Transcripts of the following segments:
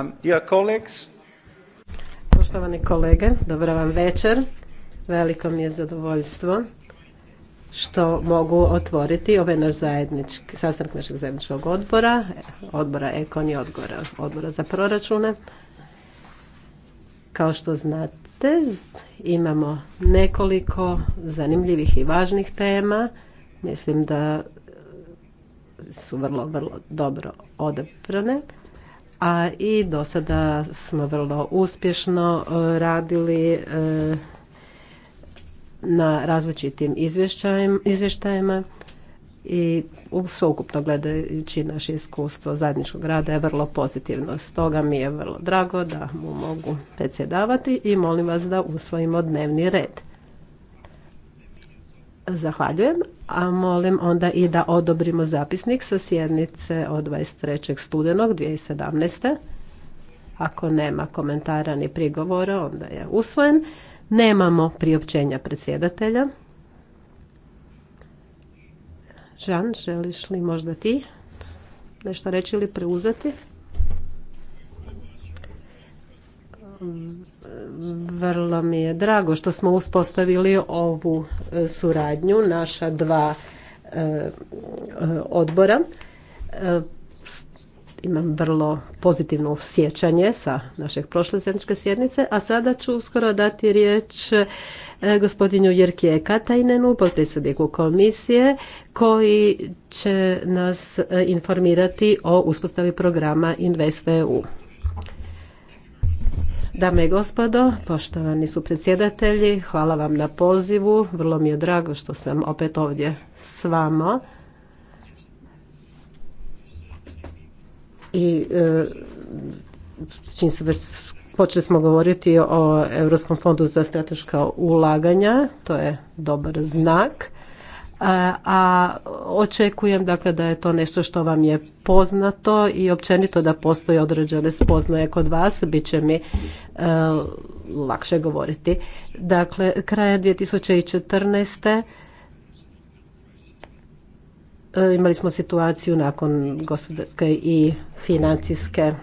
Um, Poštovani kolege, dobro vam večer. Veliko mi je zadovoljstvo što mogu otvoriti ovaj naš zajednički, sastanak našeg zajedničkog odbora, odbora Ekon i odbora, odbora za proračune. Kao što znate, imamo nekoliko zanimljivih i važnih tema. Mislim da su vrlo, vrlo dobro odeprane a i do sada smo vrlo uspješno e, radili e, na različitim izvještajima i sveukupno gledajući naše iskustvo zajedničkog rada je vrlo pozitivno. Stoga mi je vrlo drago da mu mogu predsjedavati i molim vas da usvojimo dnevni red. Zahvaljujem, a molim onda i da odobrimo zapisnik sa sjednice od 23. studenog 2017. Ako nema komentara ni prigovora, onda je usvojen. Nemamo priopćenja predsjedatelja. Žan, želiš li možda ti nešto reći ili preuzeti? vrlo mi je drago što smo uspostavili ovu e, suradnju, naša dva e, odbora. E, imam vrlo pozitivno sjećanje sa našeg prošle zajedničke sjednice, a sada ću uskoro dati riječ gospodinu Jerkije Katajnenu, potpredsjedniku komisije, koji će nas informirati o uspostavi programa InvestEU. Dame i gospodo, poštovani su predsjedatelji, hvala vam na pozivu. Vrlo mi je drago što sam opet ovdje s vama. I e, se već počeli smo govoriti o Europskom fondu za strateška ulaganja, to je dobar znak a očekujem dakle da je to nešto što vam je poznato i općenito da postoje određene spoznaje kod vas, bit će mi e, lakše govoriti. Dakle, krajem 2014. E, imali smo situaciju nakon gospodarske i financijske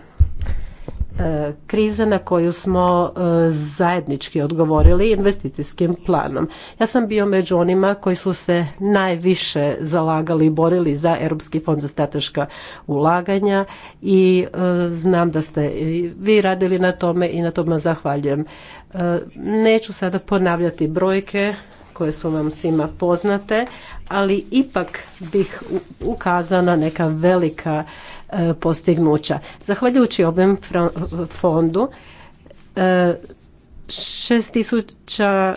E, kriza na koju smo e, zajednički odgovorili investicijskim planom. Ja sam bio među onima koji su se najviše zalagali i borili za Europski fond za strateška ulaganja i e, znam da ste vi radili na tome i na tome zahvaljujem. Neću sada ponavljati brojke koje su vam svima poznate, ali ipak bih ukazao na neka velika E, postignuća. Zahvaljujući ovom fondu 6000 e, tisuća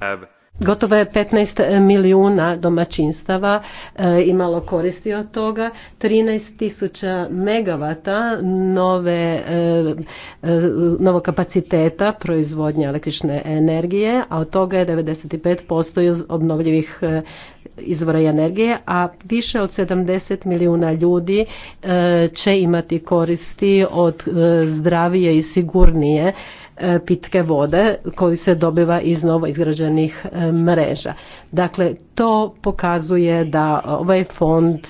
e, Gotovo je 15 milijuna domaćinstava e, imalo koristi od toga, 13 tisuća megavata nove, e, e, novog kapaciteta proizvodnje električne energije, a od toga je 95% iz obnovljivih izvora i energije, a više od 70 milijuna ljudi će imati koristi od zdravije i sigurnije E, pitke vode koju se dobiva iz novo izgrađenih e, mreža. Dakle, to pokazuje da ovaj fond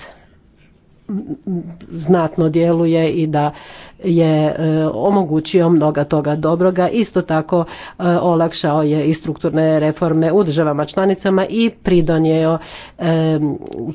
znatno djeluje i da je e, omogućio mnoga toga dobroga. Isto tako e, olakšao je i strukturne reforme u državama članicama i pridonio e,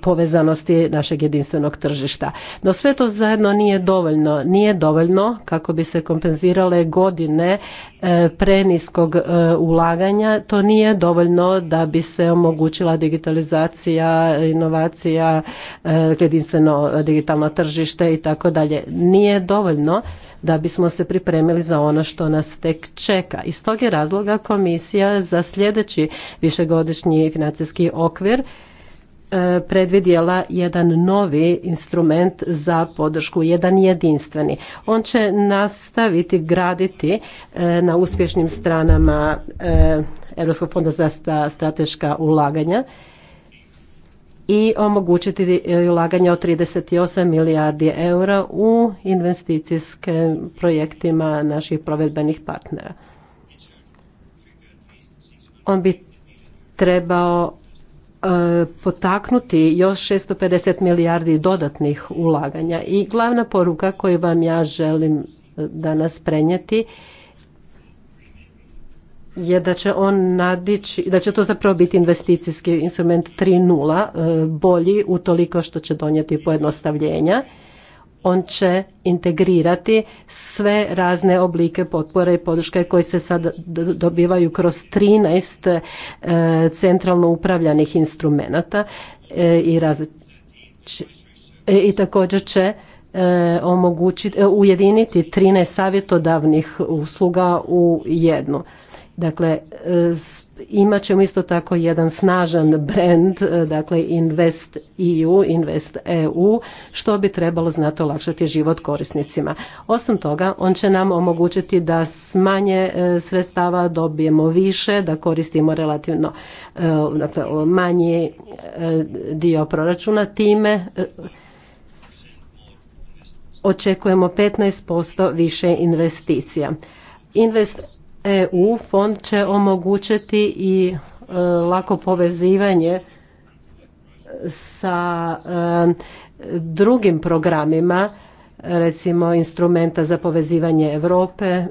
povezanosti našeg jedinstvenog tržišta. No sve to zajedno nije dovoljno. Nije dovoljno kako bi se kompenzirale godine E, preniskog e, ulaganja. To nije dovoljno da bi se omogućila digitalizacija, inovacija, e, jedinstveno digitalno tržište i tako dalje. Nije dovoljno da bismo se pripremili za ono što nas tek čeka. Iz tog je razloga komisija za sljedeći višegodišnji financijski okvir E, predvidjela jedan novi instrument za podršku, jedan jedinstveni. On će nastaviti graditi e, na uspješnim stranama e, Europskog fonda za strateška ulaganja i omogućiti ulaganje od 38 milijardi eura u investicijskim projektima naših provedbenih partnera. On bi trebao E, potaknuti još 650 milijardi dodatnih ulaganja. I glavna poruka koju vam ja želim e, danas prenijeti je da će on nadići, da će to zapravo biti investicijski instrument 3.0 e, bolji utoliko što će donijeti pojednostavljenja on će integrirati sve razne oblike potpore i podrške koje se sad dobivaju kroz 13 e, centralno upravljanih instrumenata e, i e, i također će omogućiti ujediniti 13 savjetodavnih usluga u jednu. Dakle, e, imat ćemo isto tako jedan snažan brand, e, dakle Invest EU, Invest EU, što bi trebalo znati olakšati život korisnicima. Osim toga, on će nam omogućiti da s manje e, sredstava dobijemo više, da koristimo relativno dakle, manji dio proračuna time očekujemo 15% više investicija. Invest EU fond će omogućiti i e, lako povezivanje sa e, drugim programima recimo instrumenta za povezivanje Europe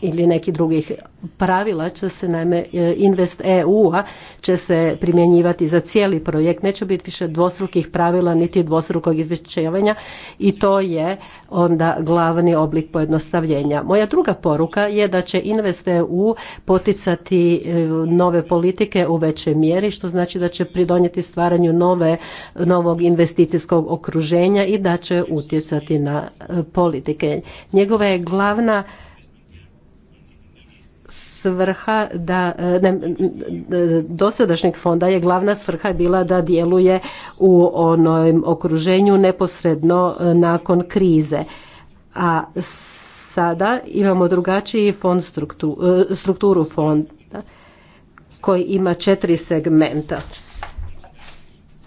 ili nekih drugih pravila će se naime e, Invest EU-a će se primjenjivati za cijeli projekt. Neće biti više dvostrukih pravila niti dvostrukog izvješćivanja i to je onda glavni oblik pojednostavljenja. Moja druga poruka je da će Invest EU poticati e, nove politike u većoj mjeri što znači da će pridonijeti stvaranju nove, novog investicijskog okruženja i da će utjecati na e, politike. Njegova je glavna svrha da e, ne, e, dosadašnjeg fonda je glavna svrha bila da djeluje u onom okruženju neposredno e, nakon krize. A sada imamo drugačiji fond strukturu, strukturu fonda koji ima četiri segmenta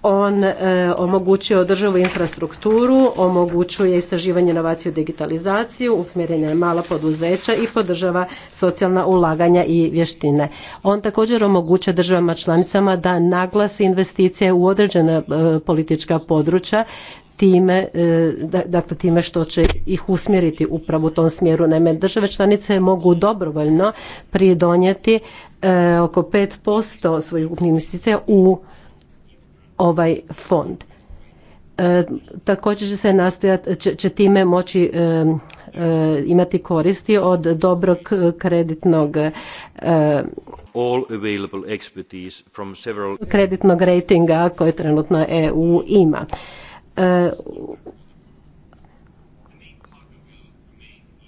on e, omogućuje održivu infrastrukturu, omogućuje istraživanje, inovaciju, digitalizaciju, usmjerenje na mala poduzeća i podržava socijalna ulaganja i vještine. On također omogućuje državama članicama da naglasi investicije u određena e, politička područja time, e, dakle time što će ih usmjeriti upravo u tom smjeru. Naime, države članice mogu dobrovoljno pridonijeti oko 5% svojih investicija u ovaj fond. E, također će se nastojati, će, time moći e, e, imati koristi od dobrog kreditnog kreditnog rejtinga koje trenutno EU ima.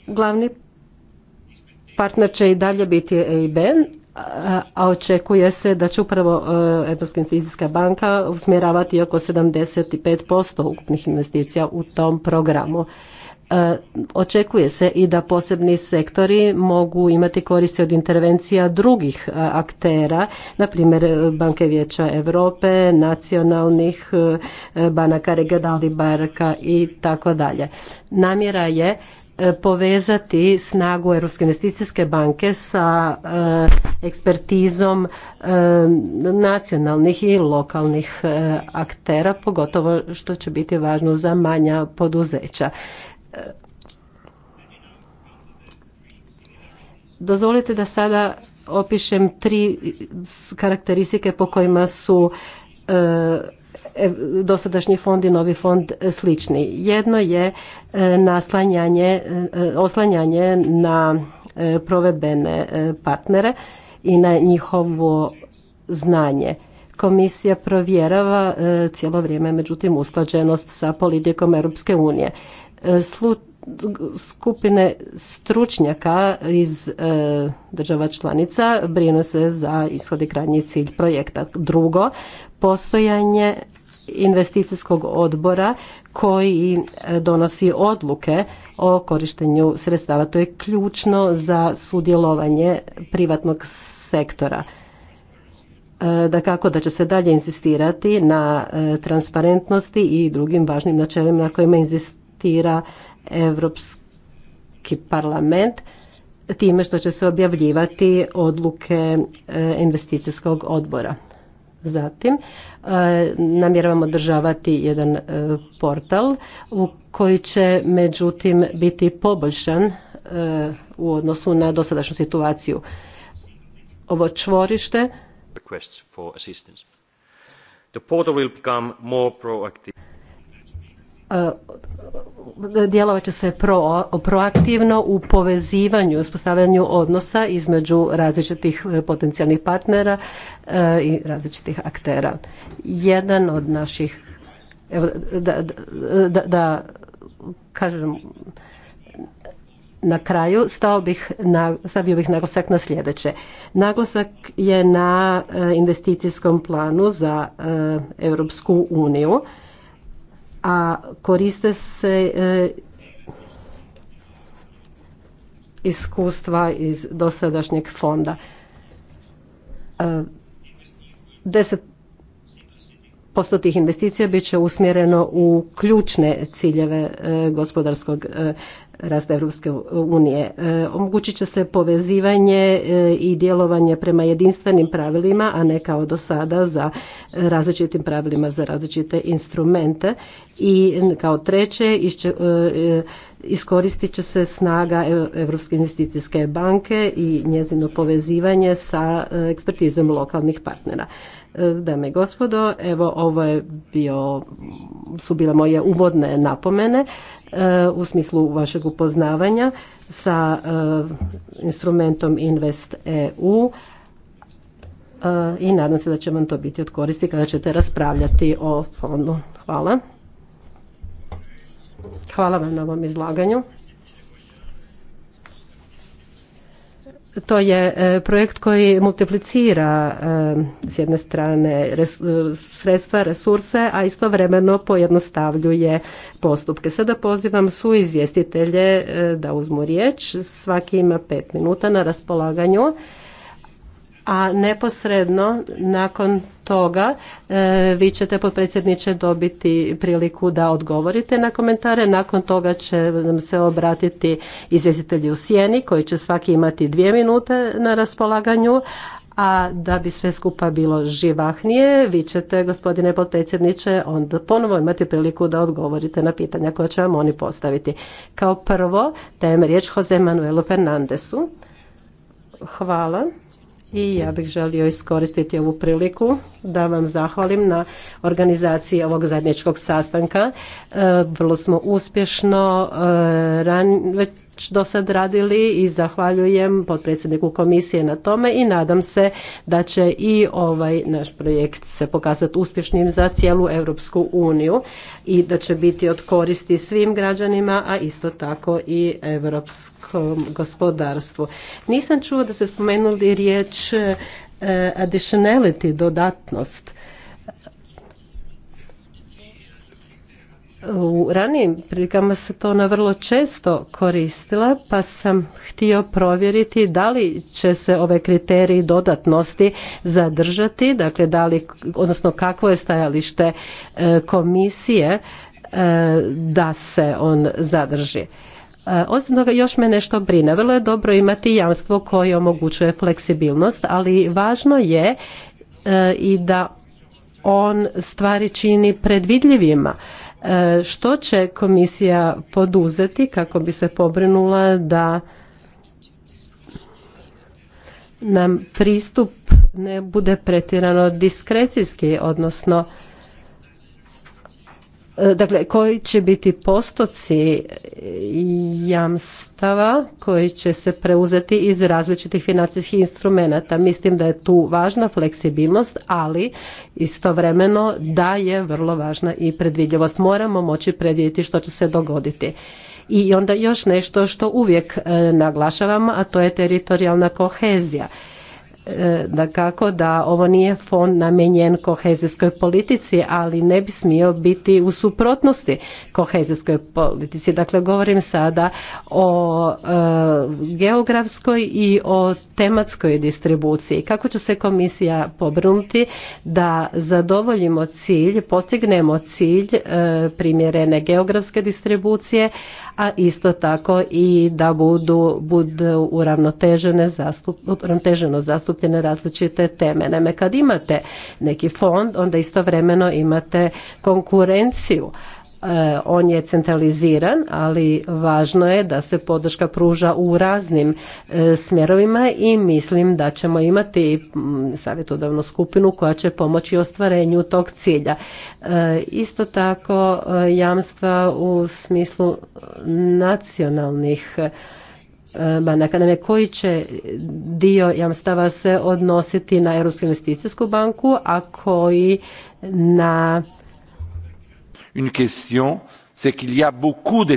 Glavni partner će i dalje biti EIB, a očekuje se da će upravo e, Europska investicijska banka usmjeravati oko 75% ukupnih investicija u tom programu. E, očekuje se i da posebni sektori mogu imati koristi od intervencija drugih e, aktera, na primjer Banke Vijeća Europe, nacionalnih banaka, regionalnih banaka i tako dalje. Namjera je E, povezati snagu Europske investicijske banke sa e, ekspertizom e, nacionalnih i lokalnih aktera, pogotovo što će biti važno za manja poduzeća. Dozvolite da sada opišem tri karakteristike po kojima su E, dosadašnji fond i novi fond slični. Jedno je e, naslanjanje, e, oslanjanje na provedbene partnere i na njihovo znanje. Komisija provjerava cijelo vrijeme, međutim, usklađenost sa politikom Europske unije skupine stručnjaka iz e, država članica brinu se za ishod i krajnji cilj projekta. Drugo, postojanje investicijskog odbora koji e, donosi odluke o korištenju sredstava. To je ključno za sudjelovanje privatnog sektora. E, da kako da će se dalje inzistirati na transparentnosti i drugim važnim načelima na kojima inzistira Evropski parlament time što će se objavljivati odluke eh, investicijskog odbora. Zatim, eh, namjeravamo održavati jedan eh, portal u koji će međutim biti poboljšan u odnosu na dosadašnju situaciju. Ovo čvorište E, djelovat će se proaktivno u povezivanju, uspostavljanju odnosa između različitih e, potencijalnih partnera e, i različitih aktera. Jedan od naših, evo, da, da, da, kažem, na kraju stao bih, stavio bih naglasak na sljedeće. Naglasak je na investicijskom planu za Europsku uniju a koriste se e, iskustva iz dosadašnjeg fonda. E, deset posto tih investicija bit će usmjereno u ključne ciljeve e, gospodarskog e, rasta Europske unije. E, omogućit će se povezivanje i djelovanje prema jedinstvenim pravilima, a ne kao do sada za različitim pravilima za različite instrumente. I kao treće, iskoristit će se snaga Europske investicijske banke i njezino povezivanje sa ekspertizom lokalnih partnera. E, dame i gospodo, evo ovo je bio, su bile moje uvodne napomene e, u smislu vašeg upoznavanja sa e, instrumentom Invest EU i nadam se da će vam to biti od koristi kada ćete raspravljati o fondu. Hvala. Hvala vam na ovom izlaganju. to je e, projekt koji multiplicira e, s jedne strane e, sredstva, resurse, a istovremeno pojednostavljuje postupke. Sada pozivam su izvjestitelje da uzmu riječ. Svaki ima pet minuta na raspolaganju a neposredno nakon toga e, vi ćete potpredsjedniče dobiti priliku da odgovorite na komentare. Nakon toga će nam se obratiti izvjestitelji u sjeni koji će svaki imati dvije minute na raspolaganju, a da bi sve skupa bilo živahnije, vi ćete, gospodine potpredsjedniče, onda ponovo imati priliku da odgovorite na pitanja koja će vam oni postaviti. Kao prvo, dajem riječ Jose Manuelu Fernandesu. Hvala i ja bih želio iskoristiti ovu priliku da vam zahvalim na organizaciji ovog zajedničkog sastanka. E, vrlo smo uspješno e, ran, već do sad radili i zahvaljujem potpredsjedniku komisije na tome i nadam se da će i ovaj naš projekt se pokazati uspješnim za cijelu Europsku uniju i da će biti od koristi svim građanima, a isto tako i europskom gospodarstvu. Nisam čuo da se spomenuli riječ eh, additionality, dodatnost. U ranijim prilikama se to ona vrlo često koristila, pa sam htio provjeriti da li će se ove kriteriji dodatnosti zadržati, dakle da li, odnosno kakvo je stajalište e, komisije e, da se on zadrži. E, osim toga još me nešto brine. Vrlo je dobro imati jamstvo koje omogućuje fleksibilnost, ali važno je i da on stvari čini predvidljivima E, što će komisija poduzeti kako bi se pobrinula da nam pristup ne bude pretjerano diskrecijski, odnosno E, dakle koji će biti postoci e, jamstava koji će se preuzeti iz različitih financijskih instrumenata. Mislim da je tu važna fleksibilnost, ali istovremeno da je vrlo važna i predvidljivost. Moramo moći predvidjeti što će se dogoditi. I onda još nešto što uvijek e, naglašavam, a to je teritorijalna kohezija. E, da kako da ovo nije fond namijenjen kohezijskoj politici, ali ne bi smio biti u suprotnosti kohezijskoj politici. Dakle, govorim sada o e, geografskoj i o tematskoj distribuciji. Kako će se komisija pobrinuti da zadovoljimo cilj, postignemo cilj e, primjerene geografske distribucije, a isto tako i da budu, budu uravnotežene zastup, uravnoteženo zastupljene različite teme. Naime, kad imate neki fond, onda istovremeno imate konkurenciju E, on je centraliziran, ali važno je da se podrška pruža u raznim e, smjerovima i mislim da ćemo imati mm, savjetodavnu skupinu koja će pomoći ostvarenju tog cilja. E, isto tako jamstva u smislu nacionalnih banaka. Naime, koji će dio jamstava se odnositi na Europsku investicijsku banku, a koji na une question, c'est qu'il y a beaucoup e,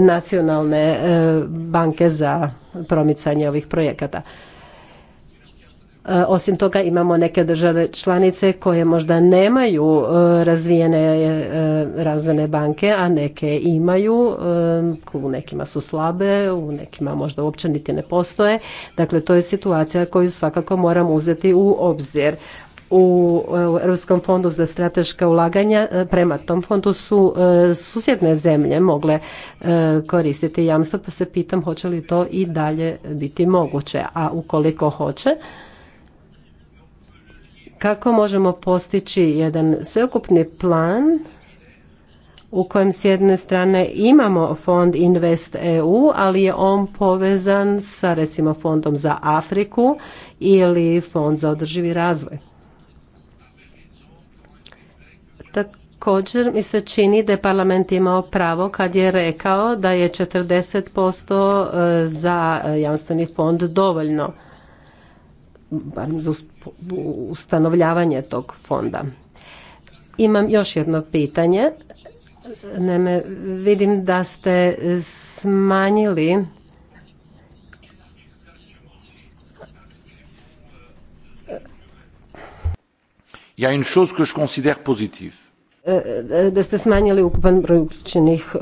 Nacionalne e, banke za promicanje ovih projekata. E, osim toga imamo neke države članice koje možda nemaju razvijene razvojne banke, a neke imaju, u nekima su slabe, u nekima možda uopće niti ne postoje. Dakle, to je situacija koju svakako moram uzeti u obzir. E, u Europskom fondu za strateška ulaganja. E, prema tom fondu su e, susjedne zemlje mogle koristiti jamstva, pa se pitam hoće li to i dalje biti moguće. A ukoliko hoće, kako možemo postići jedan sveukupni plan u kojem s jedne strane imamo fond Invest EU, ali je on povezan sa recimo fondom za Afriku ili fond za održivi razvoj. Također mi se čini da je parlament imao pravo kad je rekao da je 40% e, za jamstveni fond dovoljno za ustanovljavanje tog fonda. Imam još jedno pitanje. Naime, vidim da ste smanjili Ja une E, e, da ste smanjili ukupan broj uključenih. E,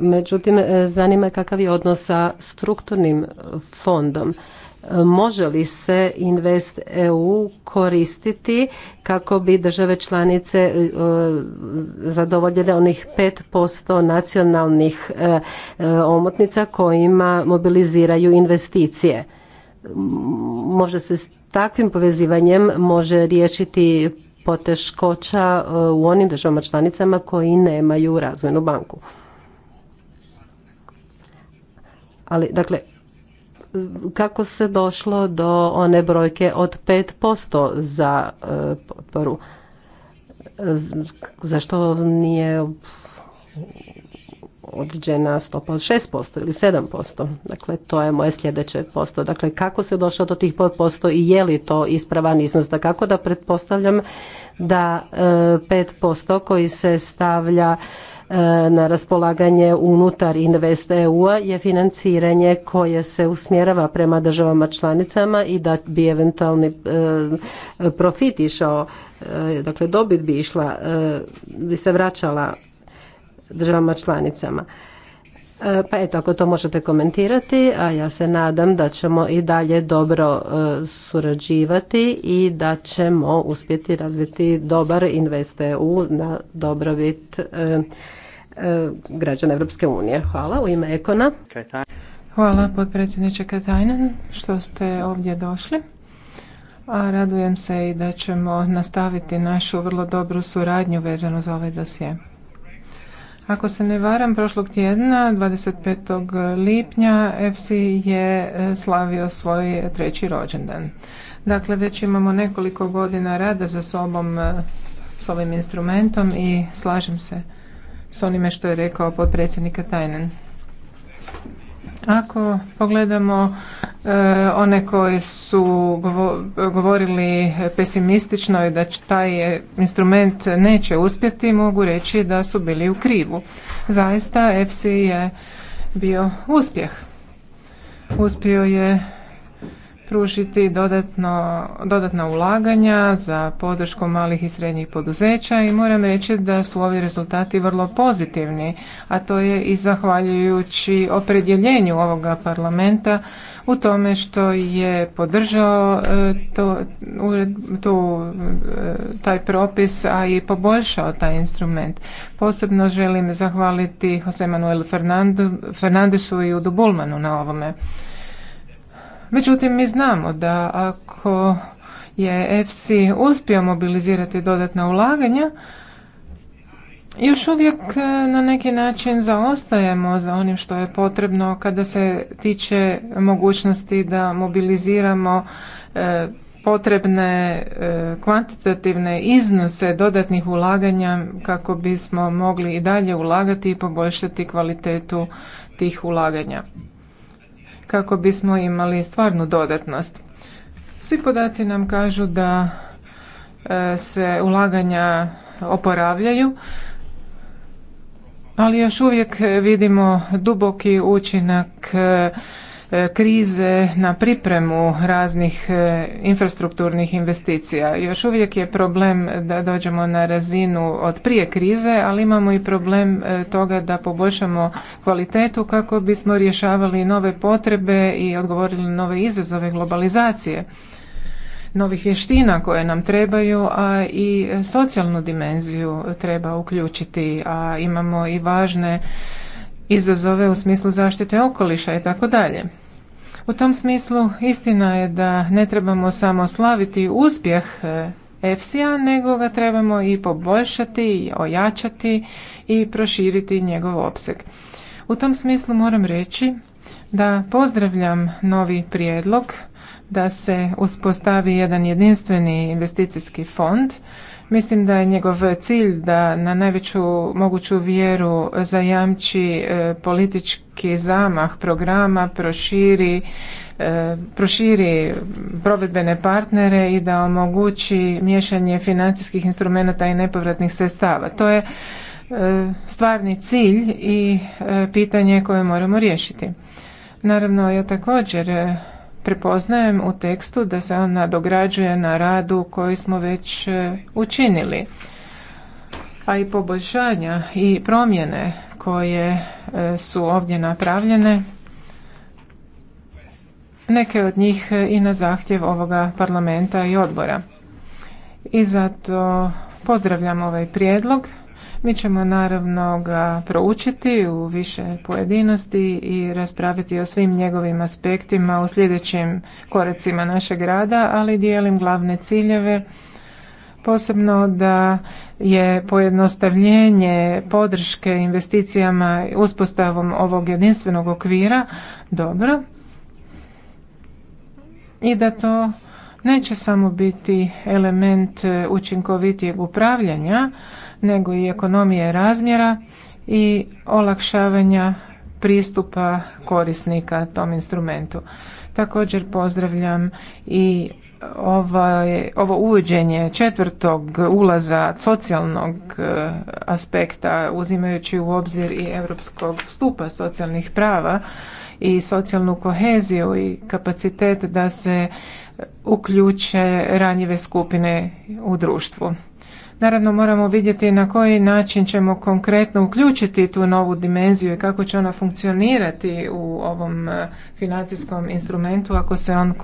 međutim, zanima kakav je odnos sa strukturnim fondom. Može li se Invest EU koristiti kako bi države članice zadovoljile onih 5% nacionalnih omotnica kojima mobiliziraju investicije? Može se s takvim povezivanjem može riješiti poteškoća uh, u onim državama članicama koji nemaju razvojnu banku. Ali, dakle, kako se došlo do one brojke od 5% za uh, potporu? Zašto nije određena stopa od 6% ili 7%. Dakle, to je moje sljedeće posto. Dakle, kako se došlo do tih posto i je li to ispravan iznos? Da kako da pretpostavljam da 5% e, koji se stavlja e, na raspolaganje unutar Invest EU-a je financiranje koje se usmjerava prema državama članicama i da bi eventualni e, profit išao, dakle dobit bi išla, bi se vraćala državama članicama. E, pa eto, ako to možete komentirati, a ja se nadam da ćemo i dalje dobro e, surađivati i da ćemo uspjeti razviti dobar EU na dobrobit e, građana Europske unije. Hvala u ime Ekona. Hvala potpredsjedniče Katajnen što ste ovdje došli. A radujem se i da ćemo nastaviti našu vrlo dobru suradnju vezano za ovaj dosje. Ako se ne varam, prošlog tjedna, 25. lipnja, FC je e, slavio svoj treći rođendan. Dakle, već imamo nekoliko godina rada za sobom e, s ovim instrumentom i slažem se s onime što je rekao potpredsjednika Tajnen. Ako pogledamo e, one koji su govorili pesimistično i da taj instrument neće uspjeti, mogu reći da su bili u krivu. Zaista FC je bio uspjeh. Uspio je pružiti dodatno, dodatna ulaganja za podršku malih i srednjih poduzeća i moram reći da su ovi rezultati vrlo pozitivni, a to je i zahvaljujući opredjeljenju ovoga parlamenta u tome što je podržao e, to, tu, e, taj propis, a i poboljšao taj instrument. Posebno želim zahvaliti Jose Manuelu Fernandesu i Udu Bulmanu na ovome. Međutim, mi znamo da ako je FC uspio mobilizirati dodatna ulaganja, još uvijek e, na neki način zaostajemo za onim što je potrebno kada se tiče mogućnosti da mobiliziramo e, potrebne e, kvantitativne iznose dodatnih ulaganja kako bismo mogli i dalje ulagati i poboljšati kvalitetu tih ulaganja kako bismo imali stvarnu dodatnost. Svi podaci nam kažu da e, se ulaganja oporavljaju, ali još uvijek vidimo duboki učinak e, E, krize na pripremu raznih e, infrastrukturnih investicija. Još uvijek je problem da dođemo na razinu od prije krize, ali imamo i problem e, toga da poboljšamo kvalitetu kako bismo rješavali nove potrebe i odgovorili nove izazove globalizacije novih vještina koje nam trebaju, a i socijalnu dimenziju treba uključiti, a imamo i važne izazove u smislu zaštite okoliša i tako dalje. U tom smislu istina je da ne trebamo samo slaviti uspjeh EFSI-a, nego ga trebamo i poboljšati, i ojačati i proširiti njegov opseg. U tom smislu moram reći da pozdravljam novi prijedlog da se uspostavi jedan jedinstveni investicijski fond Mislim da je njegov cilj da na najveću moguću vjeru zajamči e, politički zamah programa, proširi, e, proširi provedbene partnere i da omogući miješanje financijskih instrumenata i nepovratnih sredstava. To je e, stvarni cilj i pitanje koje moramo riješiti. Naravno, ja također prepoznajem u tekstu da se on nadograđuje na radu koji smo već e, učinili. A i poboljšanja i promjene koje e, su ovdje napravljene neke od njih e, i na zahtjev ovoga parlamenta i odbora. I zato pozdravljam ovaj prijedlog mi ćemo naravno ga proučiti u više pojedinosti i raspraviti o svim njegovim aspektima u sljedećim koracima našeg rada, ali dijelim glavne ciljeve posebno da je pojednostavljenje podrške investicijama uspostavom ovog jedinstvenog okvira dobro i da to neće samo biti element učinkovitijeg upravljanja nego i ekonomije razmjera i olakšavanja pristupa korisnika tom instrumentu. Također pozdravljam i ovaj, ovo uvođenje četvrtog ulaza socijalnog e, aspekta uzimajući u obzir i europskog stupa socijalnih prava i socijalnu koheziju i kapacitet da se uključe ranjive skupine u društvu. Naravno moramo vidjeti na koji način ćemo konkretno uključiti tu novu dimenziju i kako će ona funkcionirati u ovom e, financijskom instrumentu ako se on e,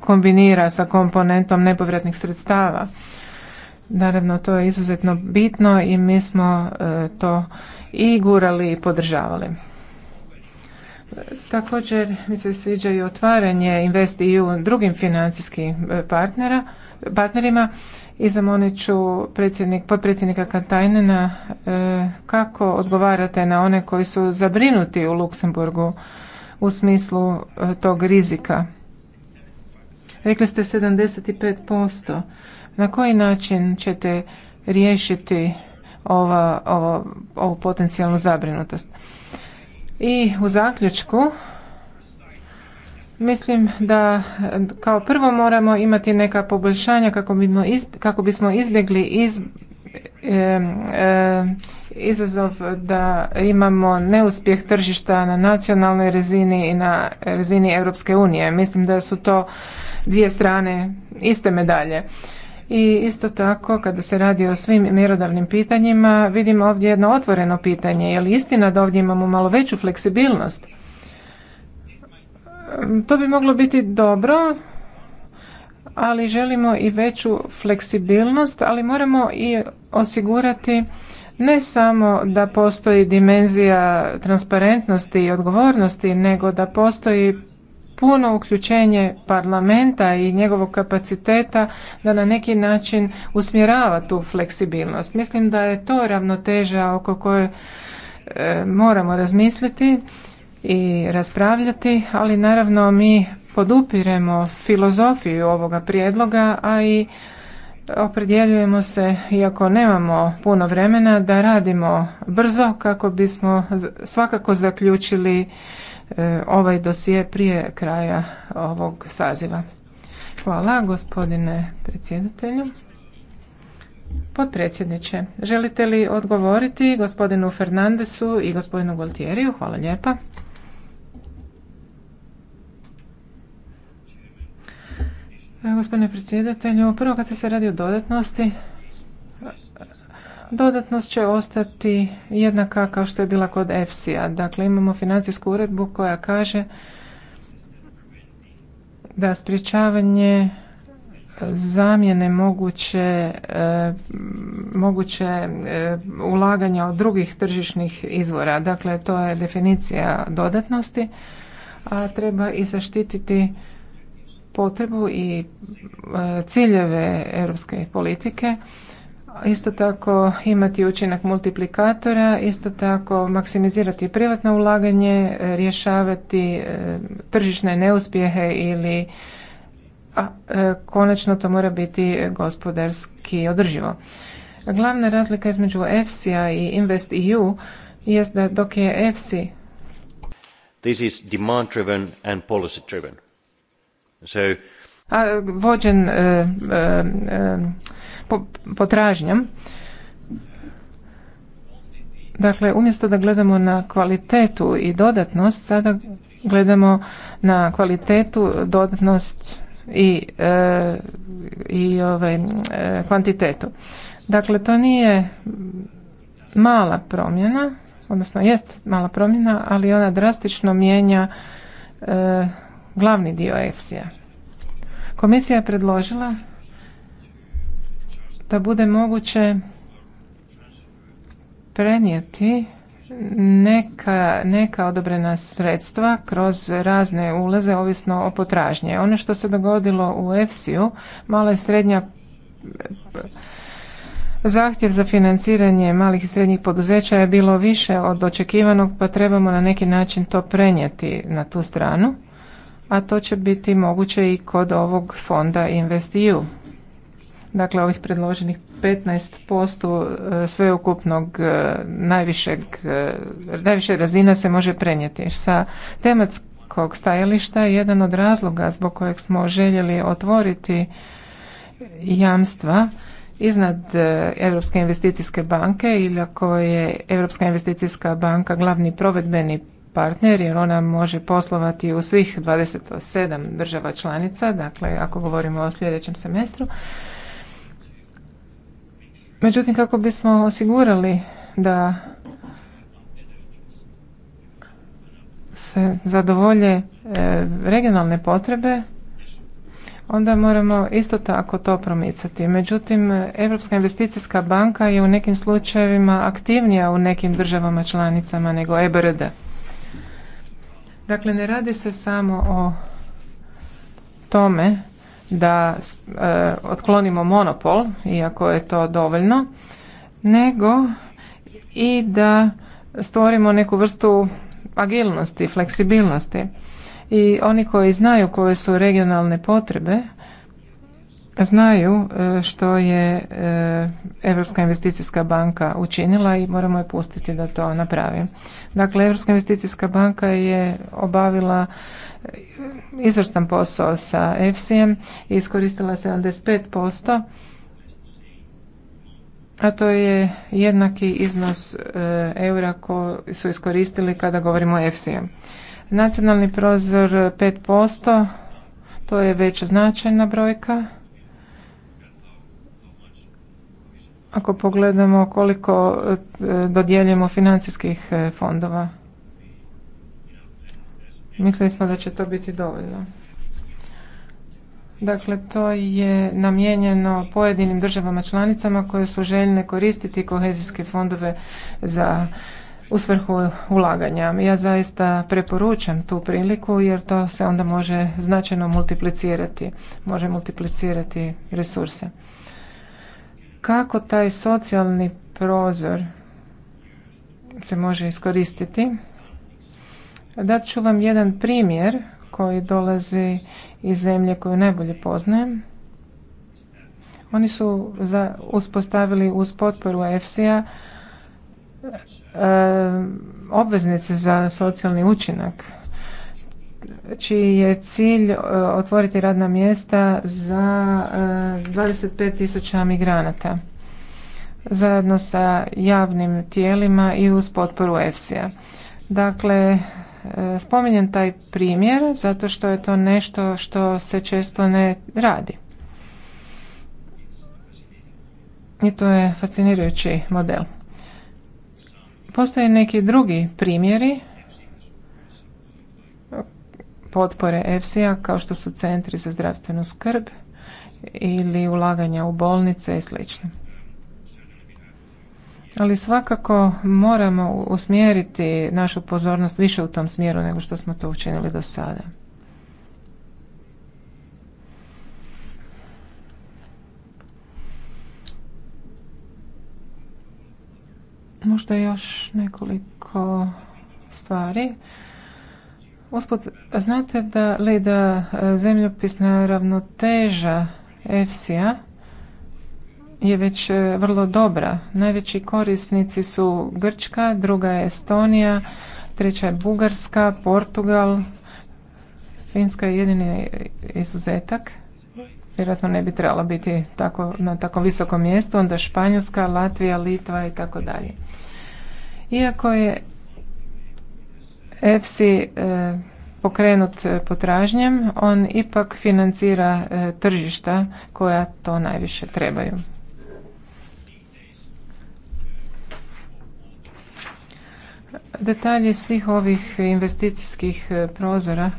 kombinira sa komponentom nepovratnih sredstava. Naravno, to je izuzetno bitno i mi smo e, to i gurali i podržavali. Također mi se sviđa i otvaranje InvestEU drugim financijskim partnera partnerima i zamonit ću predsjednik, potpredsjednika Katajnena e, kako odgovarate na one koji su zabrinuti u Luksemburgu u smislu e, tog rizika. Rekli ste 75%. Na koji način ćete riješiti ova, ovu potencijalnu zabrinutost? I u zaključku Mislim da kao prvo moramo imati neka poboljšanja kako bismo izbjegli iz, izazov da imamo neuspjeh tržišta na nacionalnoj razini i na razini Europske unije. Mislim da su to dvije strane iste medalje. I isto tako, kada se radi o svim mjerodavnim pitanjima, vidim ovdje jedno otvoreno pitanje. Je li istina da ovdje imamo malo veću fleksibilnost? To bi moglo biti dobro, ali želimo i veću fleksibilnost, ali moramo i osigurati ne samo da postoji dimenzija transparentnosti i odgovornosti, nego da postoji puno uključenje parlamenta i njegovog kapaciteta da na neki način usmjerava tu fleksibilnost. Mislim da je to ravnoteža oko koje e, moramo razmisliti i raspravljati, ali naravno mi podupiremo filozofiju ovoga prijedloga, a i opredjeljujemo se, iako nemamo puno vremena, da radimo brzo kako bismo svakako zaključili e, ovaj dosije prije kraja ovog saziva. Hvala gospodine predsjedatelju. Potpredsjedniče, želite li odgovoriti gospodinu Fernandesu i gospodinu Gualtieriju? Hvala lijepa. E, gospodine predsjedatelju, prvo kad se radi o dodatnosti, dodatnost će ostati jednaka kao što je bila kod EFSI-a. Dakle, imamo financijsku uredbu koja kaže da sprječavanje zamjene moguće, e, moguće e, ulaganja od drugih tržišnih izvora. Dakle, to je definicija dodatnosti, a treba i zaštititi potrebu i e, ciljeve europske politike, isto tako imati učinak multiplikatora, isto tako maksimizirati privatno ulaganje, rješavati e, tržišne neuspjehe ili a, e, konačno to mora biti gospodarski održivo. Glavna razlika između EFSI-a i InvestEU jest da dok je EFSI This is demand driven and policy driven a, vođen e, e, e, potražnjom. Dakle, umjesto da gledamo na kvalitetu i dodatnost, sada gledamo na kvalitetu, dodatnost i, i ovaj, kvantitetu. Dakle, to nije mala promjena, odnosno jest mala promjena, ali ona drastično mijenja glavni dio EFSI-a. Komisija je predložila da bude moguće prenijeti neka, neka odobrena sredstva kroz razne ulaze ovisno o potražnje. Ono što se dogodilo u EFSI-u, mala i srednja Zahtjev za financiranje malih i srednjih poduzeća je bilo više od očekivanog, pa trebamo na neki način to prenijeti na tu stranu a to će biti moguće i kod ovog fonda InvestEU. Dakle, ovih predloženih 15% e, sveukupnog e, najvišeg, e, najviše razina se može prenijeti. Sa tematskog stajališta jedan od razloga zbog kojeg smo željeli otvoriti jamstva iznad Europske investicijske banke ili ako je Europska investicijska banka glavni provedbeni partner jer ona može poslovati u svih 27 država članica, dakle ako govorimo o sljedećem semestru. Međutim, kako bismo osigurali da se zadovolje e, regionalne potrebe, onda moramo isto tako to promicati. Međutim, Europska investicijska banka je u nekim slučajevima aktivnija u nekim državama članicama nego EBRD. Dakle, ne radi se samo o tome da e, otklonimo monopol, iako je to dovoljno, nego i da stvorimo neku vrstu agilnosti, fleksibilnosti. I oni koji znaju koje su regionalne potrebe, znaju e, što je e, Europska investicijska banka učinila i moramo je pustiti da to napravi. Dakle, Europska investicijska banka je obavila e, izvrstan posao sa EFSI-em i iskoristila 75%, a to je jednaki iznos eura koji su iskoristili kada govorimo o efsi Nacionalni prozor 5%, to je već značajna brojka ako pogledamo koliko e, dodjeljujemo financijskih e, fondova. Mislili smo da će to biti dovoljno. Dakle, to je namijenjeno pojedinim državama članicama koje su željne koristiti kohezijske fondove za u svrhu ulaganja. Ja zaista preporučam tu priliku jer to se onda može značajno multiplicirati, može multiplicirati resurse kako taj socijalni prozor se može iskoristiti. Dat ću vam jedan primjer koji dolazi iz zemlje koju najbolje poznajem. Oni su za, uspostavili uz potporu EFSI-a e, obveznice za socijalni učinak čiji je cilj e, otvoriti radna mjesta za 25 e, tisuća migranata zajedno sa javnim tijelima i uz potporu EFSI-a. Dakle, e, spominjem taj primjer zato što je to nešto što se često ne radi. I to je fascinirajući model. Postoje neki drugi primjeri potpore EFSI-a kao što su centri za zdravstvenu skrb ili ulaganja u bolnice i sl. Ali svakako moramo usmjeriti našu pozornost više u tom smjeru nego što smo to učinili do sada. Možda još nekoliko stvari. Usput znate da da e, zemljopisna ravnoteža efsi je već e, vrlo dobra. Najveći korisnici su Grčka, druga je Estonija, treća je Bugarska, Portugal, Finska je jedini izuzetak. Vjerojatno ne bi trebala biti tako, na tako visokom mjestu, onda Španjolska, Latvija, Litva i tako dalje. Iako je EFSI pokrenut e, potražnjem, on ipak financira e, tržišta koja to najviše trebaju. Detalji svih ovih investicijskih e, prozora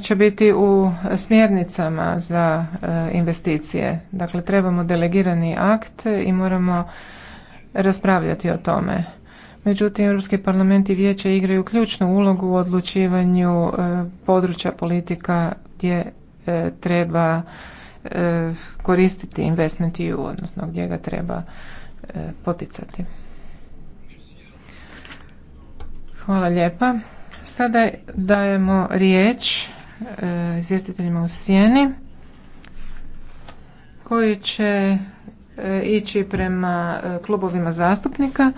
će biti u smjernicama za e, investicije. Dakle, trebamo delegirani akt i moramo raspravljati o tome. Međutim, Europski parlament i vijeće igraju ključnu ulogu u odlučivanju e, područja politika gdje e, treba koristiti investment EU, odnosno gdje ga treba poticati. Hvala lijepa. Sada dajemo riječ E, izvjestiteljima u sjeni koji će e, ići prema e, klubovima zastupnika.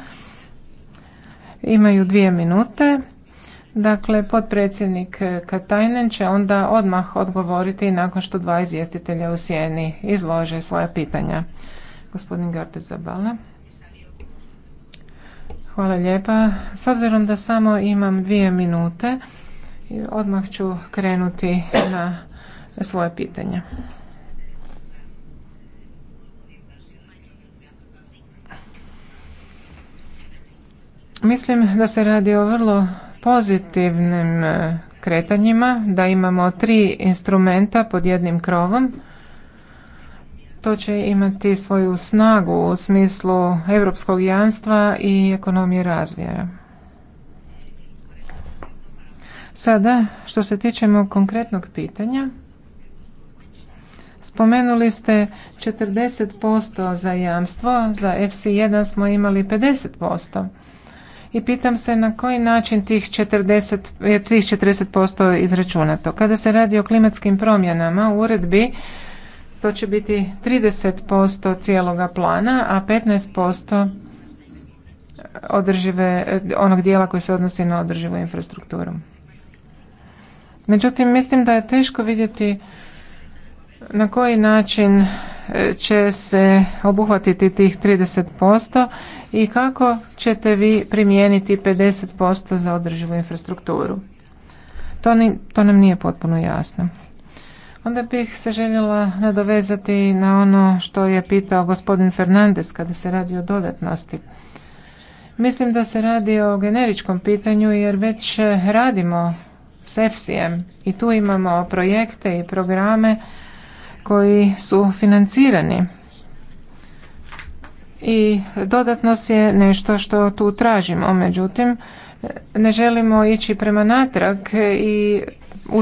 Imaju dvije minute. Dakle, potpredsjednik Katajnen će onda odmah odgovoriti nakon što dva izvjestitelja u sjeni izlože svoja pitanja. Gospodin Garte Zabala. Hvala lijepa. S obzirom da samo imam dvije minute, Odmah ću krenuti na svoje pitanja. Mislim da se radi o vrlo pozitivnim e, kretanjima, da imamo tri instrumenta pod jednim krovom. To će imati svoju snagu u smislu europskog janstva i ekonomije razvoja. Sada, što se tiče mog konkretnog pitanja, spomenuli ste 40% za jamstvo, za FC1 smo imali 50%. I pitam se na koji način tih 40%, je izračunato. Kada se radi o klimatskim promjenama u uredbi, to će biti 30% cijeloga plana, a 15% održive, onog dijela koji se odnosi na održivu infrastrukturu. Međutim, mislim da je teško vidjeti na koji način e, će se obuhvatiti tih 30% i kako ćete vi primijeniti 50% za održivu infrastrukturu. To, to nam nije potpuno jasno. Onda bih se željela nadovezati na ono što je pitao gospodin Fernandez kada se radi o dodatnosti. Mislim da se radi o generičkom pitanju jer već radimo sefsi i tu imamo projekte i programe koji su financirani i dodatno je nešto što tu tražimo. Međutim, ne želimo ići prema natrag i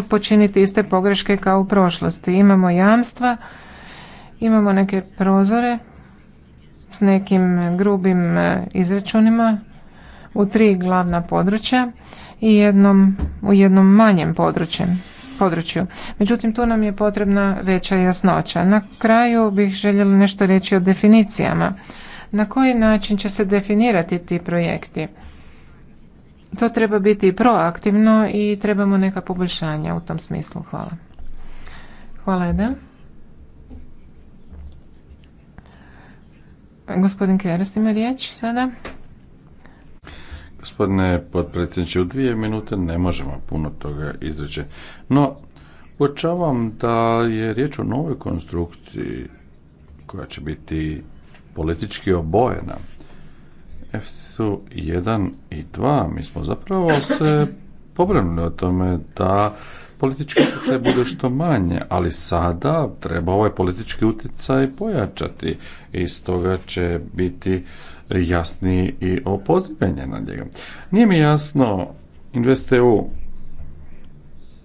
počiniti iste pogreške kao u prošlosti. Imamo jamstva, imamo neke prozore s nekim grubim eh, izračunima u tri glavna područja i jednom, u jednom manjem područjem području. Međutim, tu nam je potrebna veća jasnoća. Na kraju bih željela nešto reći o definicijama. Na koji način će se definirati ti projekti? To treba biti proaktivno i trebamo neka poboljšanja u tom smislu. Hvala. Hvala, Edel. Gospodin Keres ima riječ sada. Gospodine potpredsjedniče, u dvije minute ne možemo puno toga izreći. No, uočavam da je riječ o novoj konstrukciji koja će biti politički obojena. F su 1 i 2, mi smo zapravo se pobrenuli o tome da politički utjecaj bude što manje, ali sada treba ovaj politički utjecaj pojačati i stoga će biti jasni i o na njega. Nije mi jasno u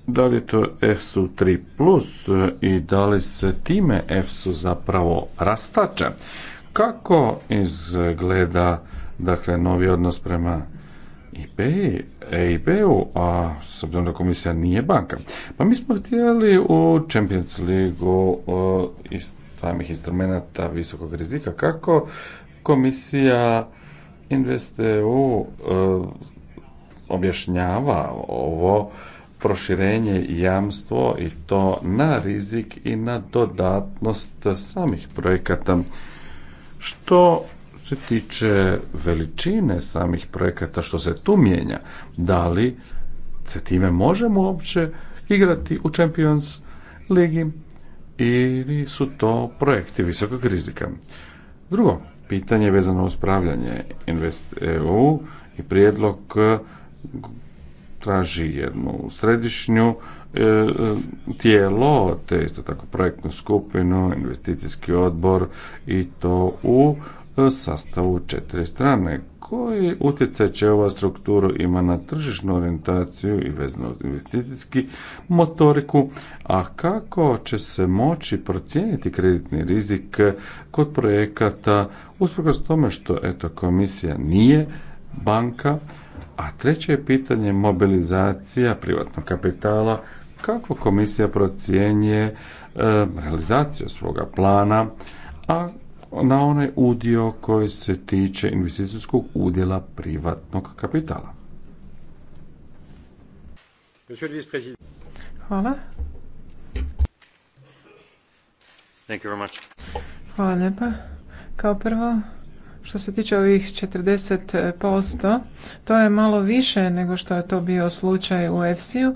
da li je to FSU 3 plus i da li se time FSU zapravo rastača. Kako izgleda dakle novi odnos prema IP, eib a s obzirom da komisija nije banka. Pa mi smo htjeli u Champions Ligu e, iz samih instrumenta visokog rizika kako Komisija InvestEU eh, objašnjava ovo proširenje i jamstvo i to na rizik i na dodatnost samih projekata. Što se tiče veličine samih projekata, što se tu mijenja, da li se time možemo uopće igrati u Champions ligi ili su to projekti visokog rizika. Drugo, pitanje vezano uz upravljanje Invest EU i prijedlog e, traži jednu središnju e, e, tijelo, te isto tako projektnu skupinu, investicijski odbor i to u sastavu četiri strane koji utjecaj će ova strukturu ima na tržišnu orijentaciju i vezno investicijski motoriku, a kako će se moći procijeniti kreditni rizik kod projekata usprkos tome što eto komisija nije banka, a treće je pitanje mobilizacija privatnog kapitala kako komisija procjenjuje eh, realizaciju svoga plana, a na onaj udio koji se tiče investicijskog udjela privatnog kapitala. Hvala. Hvala lijepa. Kao prvo, što se tiče ovih 40%, to je malo više nego što je to bio slučaj u EFSI-u,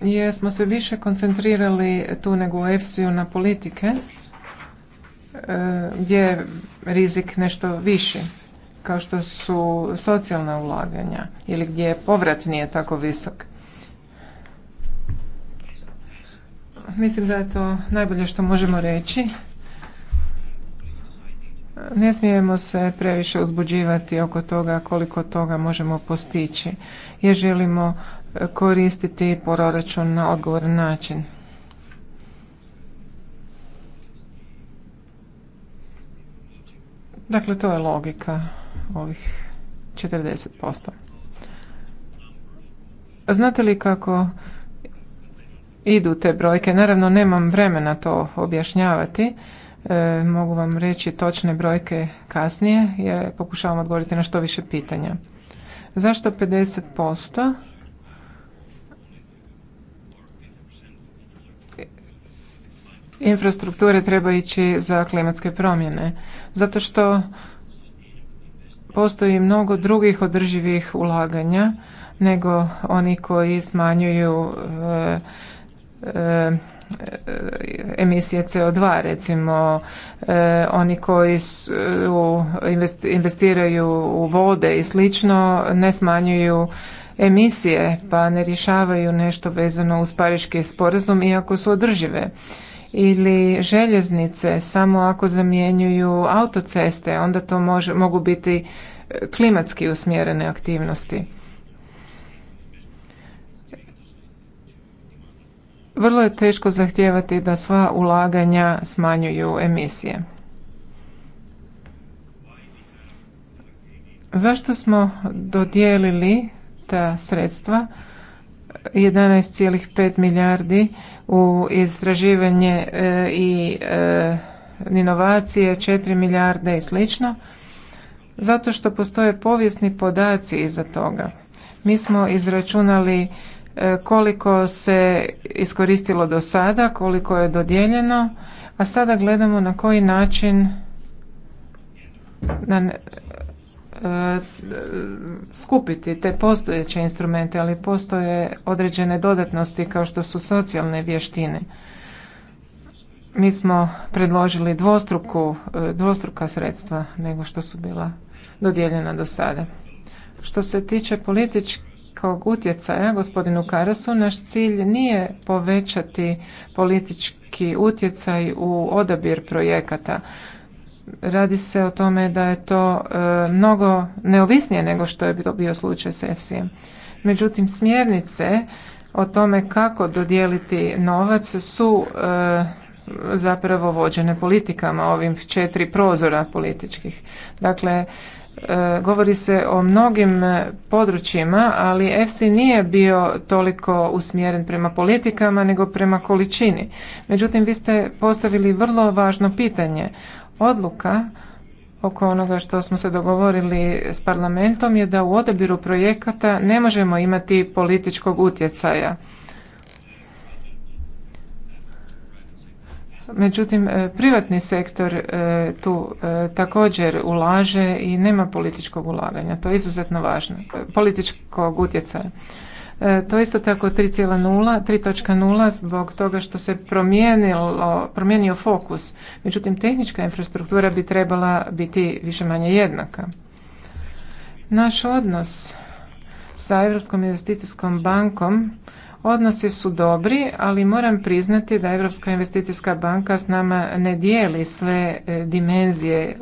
je smo se više koncentrirali tu nego u EFSI-u na politike e, gdje je rizik nešto viši kao što su socijalna ulaganja ili gdje je povrat nije tako visok. Mislim da je to najbolje što možemo reći. Ne smijemo se previše uzbuđivati oko toga koliko toga možemo postići jer želimo koristiti proračun na odgovoran način. Dakle, to je logika ovih 40%. Znate li kako idu te brojke? Naravno, nemam vremena to objašnjavati. E, mogu vam reći točne brojke kasnije jer pokušavam odgovoriti na što više pitanja. Zašto 50%? infrastrukture treba ići za klimatske promjene zato što postoji mnogo drugih održivih ulaganja nego oni koji smanjuju e, e, e, emisije CO2 recimo oni koji investiraju u vode i slično ne smanjuju emisije pa ne rješavaju nešto vezano uz pariški sporazum iako su održive ili željeznice samo ako zamjenjuju autoceste, onda to može, mogu biti e, klimatski usmjerene aktivnosti. Vrlo je teško zahtijevati da sva ulaganja smanjuju emisije. Zašto smo dodijelili ta sredstva 11,5 milijardi u istraživanje e, i e, inovacije 4 milijarde i slično zato što postoje povijesni podaci iza toga. Mi smo izračunali e, koliko se iskoristilo do sada, koliko je dodijeljeno, a sada gledamo na koji način skupiti te postojeće instrumente, ali postoje određene dodatnosti kao što su socijalne vještine. Mi smo predložili dvostruku, e, dvostruka sredstva nego što su bila dodijeljena do sada. Što se tiče političkog utjecaja gospodinu Karasu, naš cilj nije povećati politički utjecaj u odabir projekata. Radi se o tome da je to e, mnogo neovisnije nego što je bio slučaj s EFSI-em. Međutim, smjernice o tome kako dodijeliti novac su e, zapravo vođene politikama ovim četiri prozora političkih. Dakle, e, govori se o mnogim područjima, ali EFSI nije bio toliko usmjeren prema politikama nego prema količini. Međutim, vi ste postavili vrlo važno pitanje, odluka oko onoga što smo se dogovorili s parlamentom je da u odabiru projekata ne možemo imati političkog utjecaja. Međutim, e, privatni sektor e, tu e, također ulaže i nema političkog ulaganja. To je izuzetno važno, političkog utjecaja. E, to je isto tako 3.0, 3.0 zbog toga što se promijenio fokus. Međutim, tehnička infrastruktura bi trebala biti više manje jednaka. Naš odnos sa Europskom investicijskom bankom Odnosi su dobri, ali moram priznati da Europska investicijska banka s nama ne dijeli sve e, dimenzije e,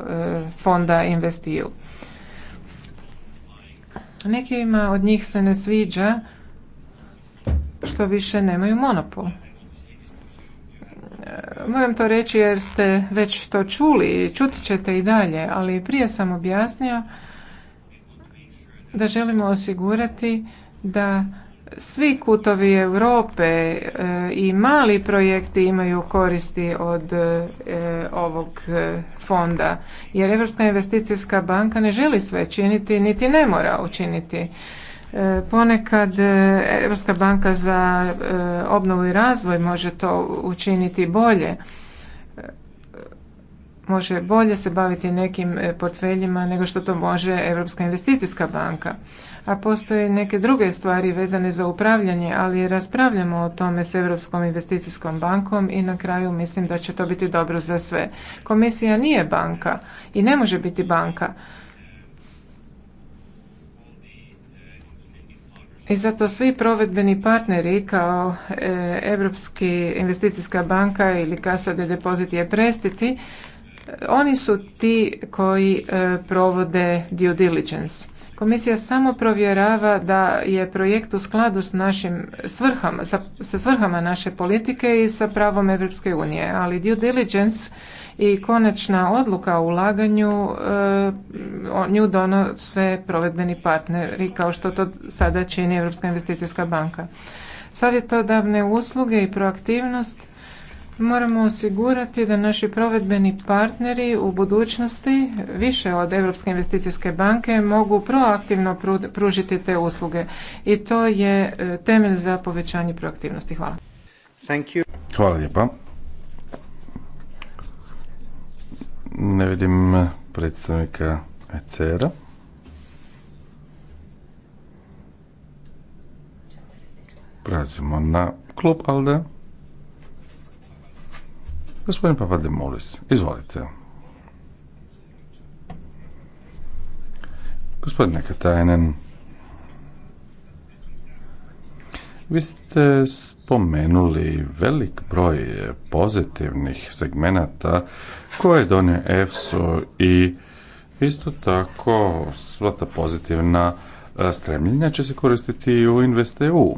fonda Investiju. Nekima od njih se ne sviđa što više nemaju monopol. E, moram to reći jer ste već to čuli i čuti ćete i dalje, ali prije sam objasnio da želimo osigurati da svi kutovi Europe e, i mali projekti imaju koristi od e, ovog fonda jer Europska investicijska banka ne želi sve činiti niti ne mora učiniti. E, ponekad e, Europska banka za e, obnovu i razvoj može to učiniti bolje. Može bolje se baviti nekim portfeljima nego što to može Europska investicijska banka. A postoje neke druge stvari vezane za upravljanje, ali raspravljamo o tome s Europskom investicijskom bankom i na kraju mislim da će to biti dobro za sve. Komisija nije banka i ne može biti banka I zato svi provedbeni partneri kao e, Europski investicijska banka ili kasa de depozit je prestiti, oni su ti koji e, provode due diligence. Komisija samo provjerava da je projekt u skladu s našim svrhama, sa, svrhama naše politike i sa pravom Europske unije, ali due diligence i konačna odluka o ulaganju e, nju donose provedbeni partneri kao što to sada čini Europska investicijska banka. Savjetodavne usluge i proaktivnost moramo osigurati da naši provedbeni partneri u budućnosti više od Europske investicijske banke mogu proaktivno pružiti te usluge i to je e, temelj za povećanje proaktivnosti. Hvala. Thank Hvala lijepa. Ne vidim eh, predstavnika ECR-a. Prelazimo na klub Alde. Gospodin Papadimolis, izvolite. Gospodine Katajnen, vi ste ste spomenuli velik broj pozitivnih segmenata koje je donio EFSO i isto tako sva ta pozitivna e, stremljenja će se koristiti i u InvestEU.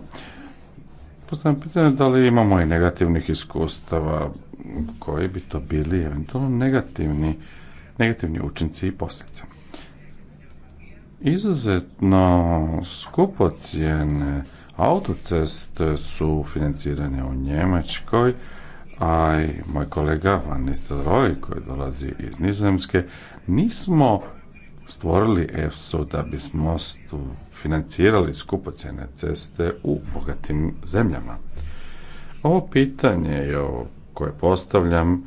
Postavljam pitanje da li imamo i negativnih iskustava, koji bi to bili eventualno negativni, negativni učinci i posljedice. Izuzetno skupo cijene Autoceste su financirane u Njemačkoj, a i moj kolega Van Nistelrooy koji dolazi iz Nizozemske, nismo stvorili EFSU da bismo financirali skupocjene ceste u bogatim zemljama. Ovo pitanje je koje postavljam,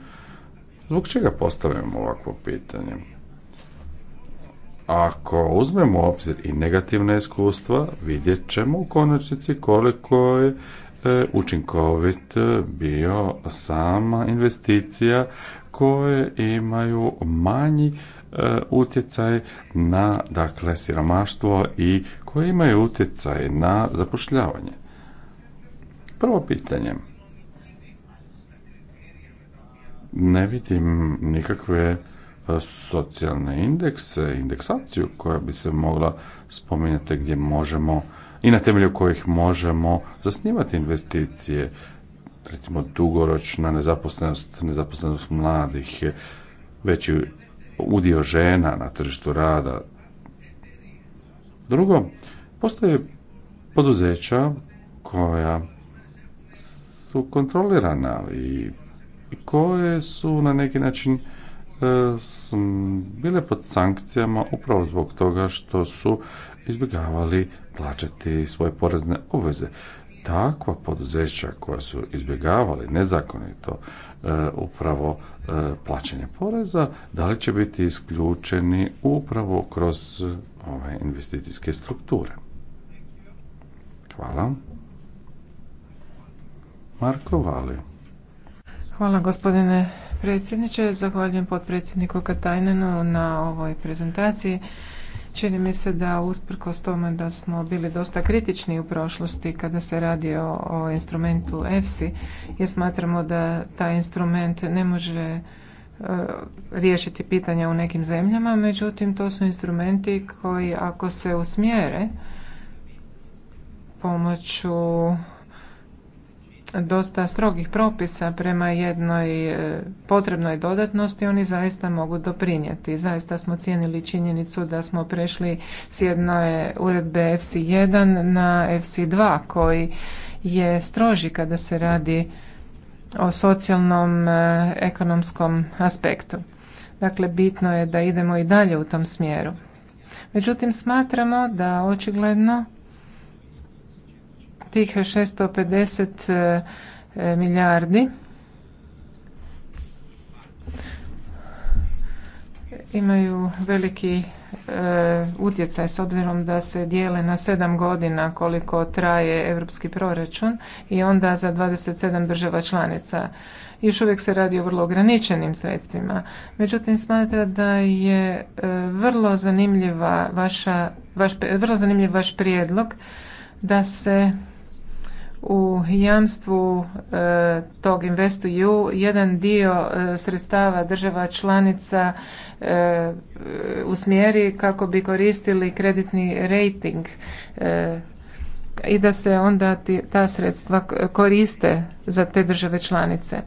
zbog čega postavljam ovakvo pitanje? Ako uzmemo u obzir i negativna iskustva, vidjet ćemo u konačnici koliko je e, učinkovit e, bio sama investicija koje imaju manji e, utjecaj na dakle siromaštvo i koje imaju utjecaj na zapošljavanje. Prvo pitanje. Ne vidim nikakve E, socijalne indekse, indeksaciju koja bi se mogla spominjati gdje možemo i na temelju kojih možemo zasnivati investicije, recimo dugoročna nezaposlenost, nezaposlenost mladih, veći udio žena na tržištu rada. Drugo, postoje poduzeća koja su kontrolirana i koje su na neki način E, bile pod sankcijama upravo zbog toga što su izbjegavali plaćati svoje porezne obveze. Takva poduzeća koja su izbjegavali nezakonito e, upravo e, plaćanje poreza, da li će biti isključeni upravo kroz ove investicijske strukture? Hvala. Marko Vali. Hvala gospodine predsjedniče. Zahvaljujem potpredsjedniku Katajnenu na ovoj prezentaciji. Čini mi se da usprkos tome da smo bili dosta kritični u prošlosti kada se radi o, instrumentu EFSI, jer smatramo da taj instrument ne može e, riješiti pitanja u nekim zemljama, međutim to su instrumenti koji ako se usmjere pomoću dosta strogih propisa prema jednoj e, potrebnoj dodatnosti oni zaista mogu doprinijeti. Zaista smo cijenili činjenicu da smo prešli s jedne uredbe FC1 na FC2 koji je stroži kada se radi o socijalnom e, ekonomskom aspektu. Dakle, bitno je da idemo i dalje u tom smjeru. Međutim, smatramo da očigledno tih 650 e, milijardi imaju veliki e, utjecaj s obzirom da se dijele na 7 godina koliko traje europski proračun i onda za 27 država članica. Još uvijek se radi o vrlo ograničenim sredstvima. Međutim, smatra da je e, vrlo zanimljiva vaša, vrlo zanimljiv vaš prijedlog da se u jamstvu e, tog InvestEU jedan dio e, sredstava država članica e, usmjeri kako bi koristili kreditni rating i da se onda ta sredstva koriste za te države članice.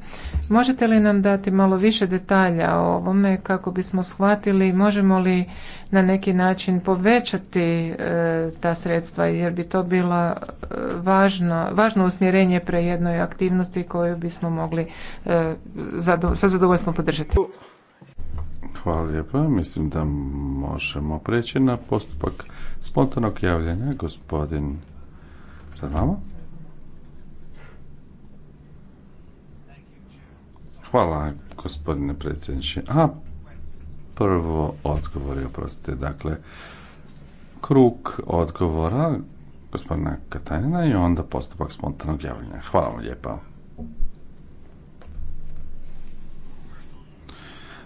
Možete li nam dati malo više detalja o ovome kako bismo shvatili možemo li na neki način povećati e, ta sredstva jer bi to bila e, važno, važno usmjerenje pre jednoj aktivnosti koju bismo mogli e, zado, sa zadovoljstvom podržati. Hvala lijepa. Mislim da možemo preći na postupak spontanog javljanja. Gospodin, sad Hvala, gospodine predsjedniče. A, prvo odgovor, oprostite, dakle, krug odgovora gospodina Katarina i onda postupak spontanog javljanja. Hvala vam lijepa.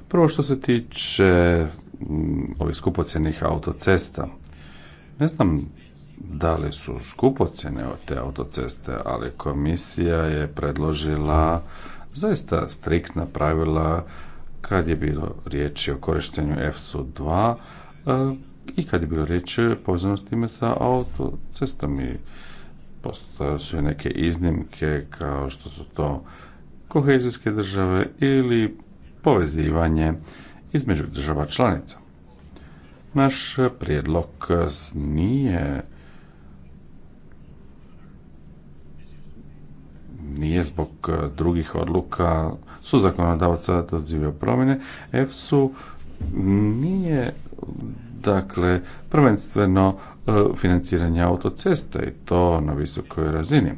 Prvo što se tiče mm, ovih skupocjenih autocesta, ne znam da li su skupocjene te autoceste, ali komisija je predložila zaista striktna pravila kad je bilo riječi o korištenju EFSU 2 e, i kad je bilo riječi o povezanosti sa autocestom i postoje su neke iznimke kao što su to kohezijske države ili povezivanje između država članica. Naš prijedlog nije nije zbog e, drugih odluka su zakonodavca dozivio promjene, EFSU nije dakle prvenstveno e, financiranje autocesta i to na visokoj razini.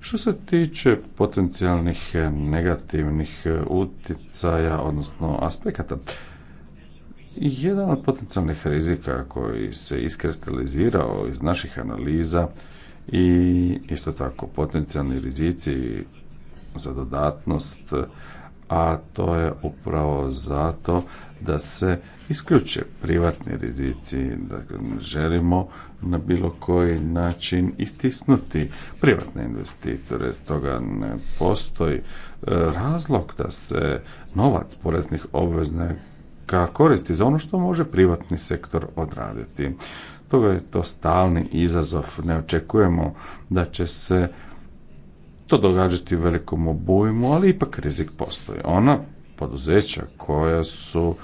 Što se tiče potencijalnih negativnih e, utjecaja, odnosno aspekata, jedan od potencijalnih rizika koji se iskristalizirao iz naših analiza i isto tako potencijalni rizici za dodatnost, a to je upravo zato da se isključe privatni rizici, dakle želimo na bilo koji način istisnuti privatne investitore, stoga ne postoji e, razlog da se novac poreznih obveznika koristi za ono što može privatni sektor odraditi. Toga je to stalni izazov. Ne očekujemo da će se to događati u velikom obujmu, ali ipak rizik postoji. Ona poduzeća koja su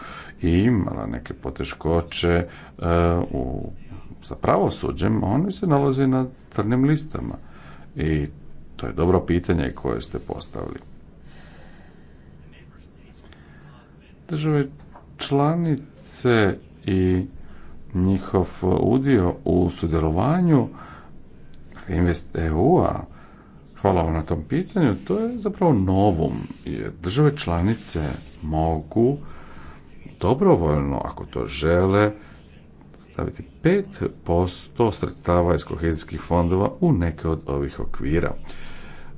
imala neke poteškoće e, u, sa pravosuđem, oni se nalaze na crnim listama. I to je dobro pitanje koje ste postavili. Države članice i njihov udio u sudjelovanju Invest EU-a, hvala vam na tom pitanju, to je zapravo novom, jer države članice mogu dobrovoljno, ako to žele, staviti 5% sredstava iz kohezijskih fondova u neke od ovih okvira.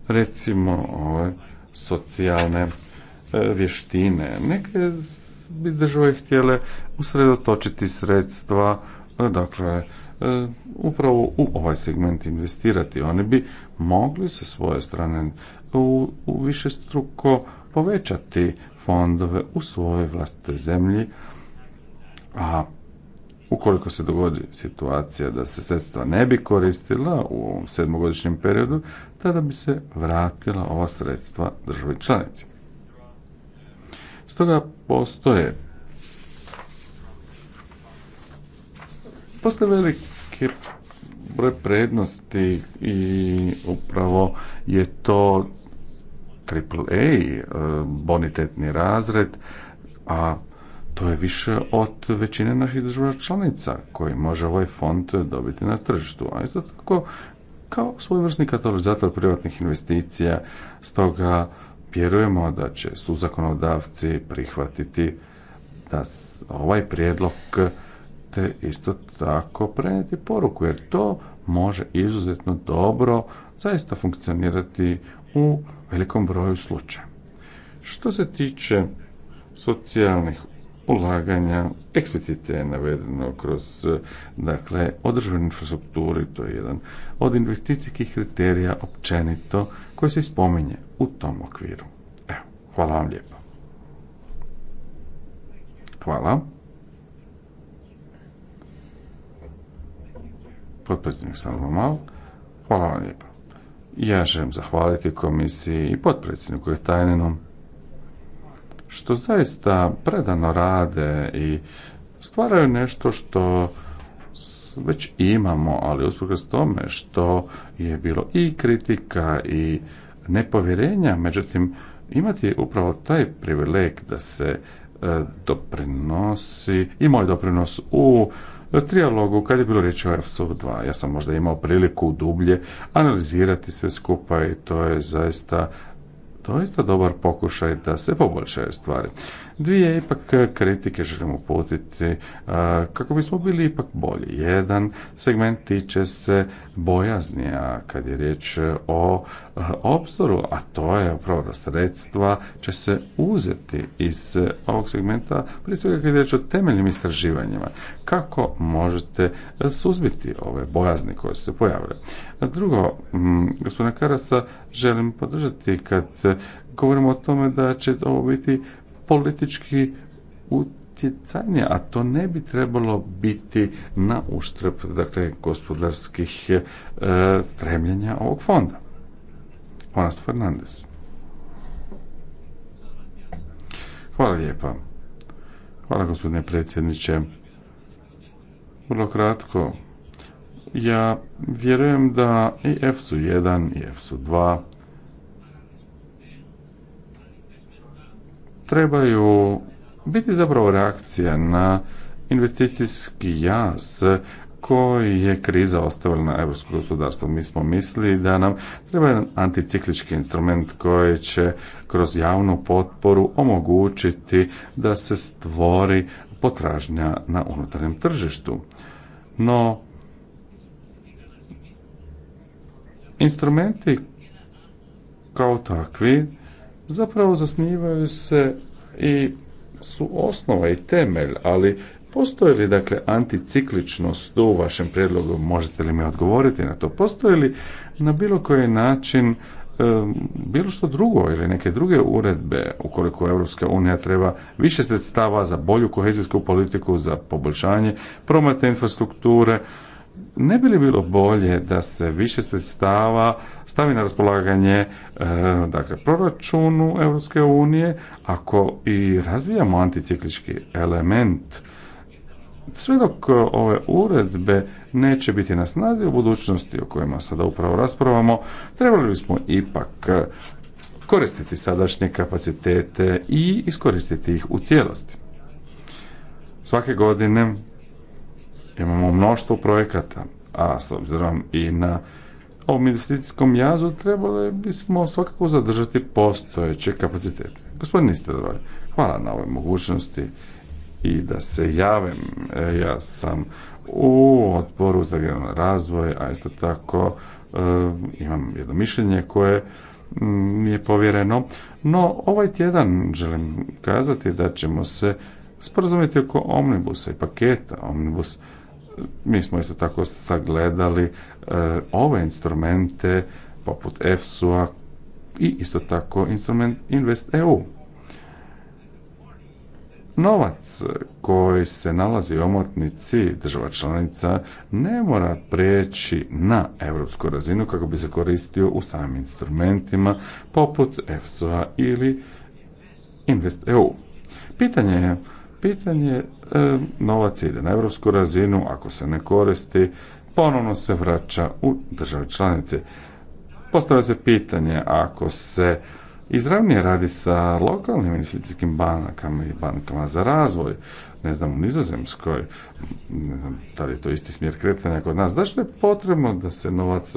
Recimo, ove socijalne e, vještine, neke bi države htjele usredotočiti sredstva, e, dakle, e, upravo u ovaj segment investirati. Oni bi mogli sa svoje strane u, u više struko povećati fondove u svojoj vlastitoj zemlji, a ukoliko se dogodi situacija da se sredstva ne bi koristila u ovom sedmogodišnjem periodu, tada bi se vratila ova sredstva državi članici. Stoga postoje postoje velike broj prednosti i upravo je to AAA e, bonitetni razred, a to je više od većine naših država članica koji može ovaj fond dobiti na tržištu. A isto tako kao svojevrsni katalizator privatnih investicija, stoga Vjerujemo da će su zakonodavci prihvatiti da ovaj prijedlog te isto tako prenijeti poruku, jer to može izuzetno dobro zaista funkcionirati u velikom broju slučaja. Što se tiče socijalnih ulaganja, eksplicite je navedeno kroz dakle, održavanje infrastrukturu, to je jedan od investicijskih kriterija općenito koji se spominje u tom okviru. Evo, hvala vam lijepo. Hvala. Potpredsjednik vam malo. hvala vam lijepo. Ja želim zahvaliti komisiji i potpredsjedniku Tajnenom što zaista predano rade i stvaraju nešto što već imamo, ali usprkos tome što je bilo i kritika i nepovjerenja, međutim imati upravo taj privileg da se e, doprinosi i moj doprinos u trijalogu kad je bilo riječ o EFSO 2. Ja sam možda imao priliku dublje analizirati sve skupa i to je zaista doista dobar pokušaj da se poboljšaju stvari. Dvije ipak kritike želim uputiti kako bismo bili ipak bolji. Jedan segment tiče se bojaznija kad je riječ o obzoru, a to je upravo da sredstva će se uzeti iz ovog segmenta, prije svega kad je riječ o temeljnim istraživanjima. Kako možete suzbiti ove bojazni koje su se pojavile? Drugo, gospodina Karasa, želim podržati kad govorimo o tome da će ovo biti politički utjecanje, a to ne bi trebalo biti na uštrb dakle, gospodarskih e, stremljenja ovog fonda. Onas Fernandez. Hvala lijepa. Hvala gospodine predsjedniče. Vrlo kratko. Ja vjerujem da i EFSU 1 i EFSU 2 trebaju biti zapravo reakcija na investicijski jaz koji je kriza ostavila na europsko gospodarstvo. Mi smo mislili da nam treba jedan anticiklički instrument koji će kroz javnu potporu omogućiti da se stvori potražnja na unutarnjem tržištu. No, instrumenti kao takvi zapravo zasnivaju se i su osnova i temelj, ali Postoji li dakle anticikličnost u vašem prijedlogu? Možete li mi odgovoriti na to? postoje li na bilo koji način bilo što drugo ili neke druge uredbe ukoliko Europska unija treba više sredstava za bolju kohezijsku politiku, za poboljšanje prometne infrastrukture, ne bi li bilo bolje da se više sredstava stavi na raspolaganje e, dakle, proračunu Europske unije ako i razvijamo anticiklički element sve dok ove uredbe neće biti na snazi u budućnosti o kojima sada upravo raspravamo, trebali bismo ipak koristiti sadašnje kapacitete i iskoristiti ih u cijelosti. Svake godine Imamo mnoštvo projekata, a s obzirom i na ovom investicijskom jazu trebali bismo svakako zadržati postojeće kapacitete. Gospodin Nistedroj, hvala na ovoj mogućnosti i da se javim. E, ja sam u odboru za regionalni razvoj, a isto tako e, imam jedno mišljenje koje mi je povjereno. No, ovaj tjedan želim kazati da ćemo se sporazumjeti oko omnibusa i paketa omnibus mi smo isto tako sagledali e, ove instrumente poput EFSU-a i isto tako instrument Invest EU. Novac koji se nalazi u omotnici država članica ne mora prijeći na europsku razinu kako bi se koristio u samim instrumentima poput efsu a ili Invest EU. Pitanje je, pitanje E, novac ide na europsku razinu, ako se ne koristi, ponovno se vraća u države članice. Postavlja se pitanje ako se izravnije radi sa lokalnim investicijskim bankama i bankama za razvoj, ne znam, u Nizozemskoj, ne znam, da li je to isti smjer kretanja kod nas, zašto je potrebno da se novac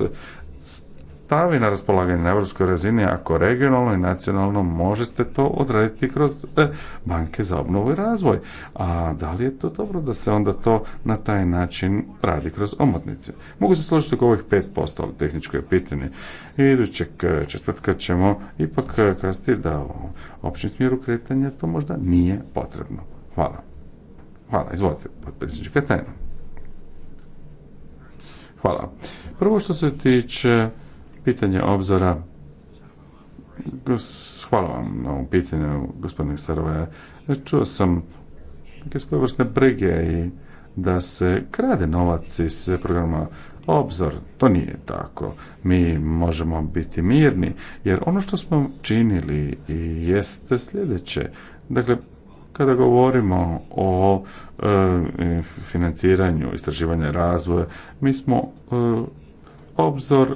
stavi na raspolaganje na europskoj razini, ako regionalno i nacionalno možete to odrediti kroz e, banke za obnovu i razvoj. A da li je to dobro da se onda to na taj način radi kroz omotnice? Mogu se složiti oko ovih 5%, ali tehničko je pitanje. Idućeg e, četvrtka ćemo ipak e, kasti da u općem smjeru kretanja to možda nije potrebno. Hvala. Hvala, izvolite, potpredsjedniče Katajna. Hvala. Prvo što se tiče pitanje obzora Hvala vam na ovom pitanju, gospodine Sarove. Čuo sam neke vrste brige i da se krade novac iz programa Obzor. To nije tako. Mi možemo biti mirni, jer ono što smo činili jeste sljedeće. Dakle, kada govorimo o e, financiranju istraživanja razvoja, mi smo e, Obzor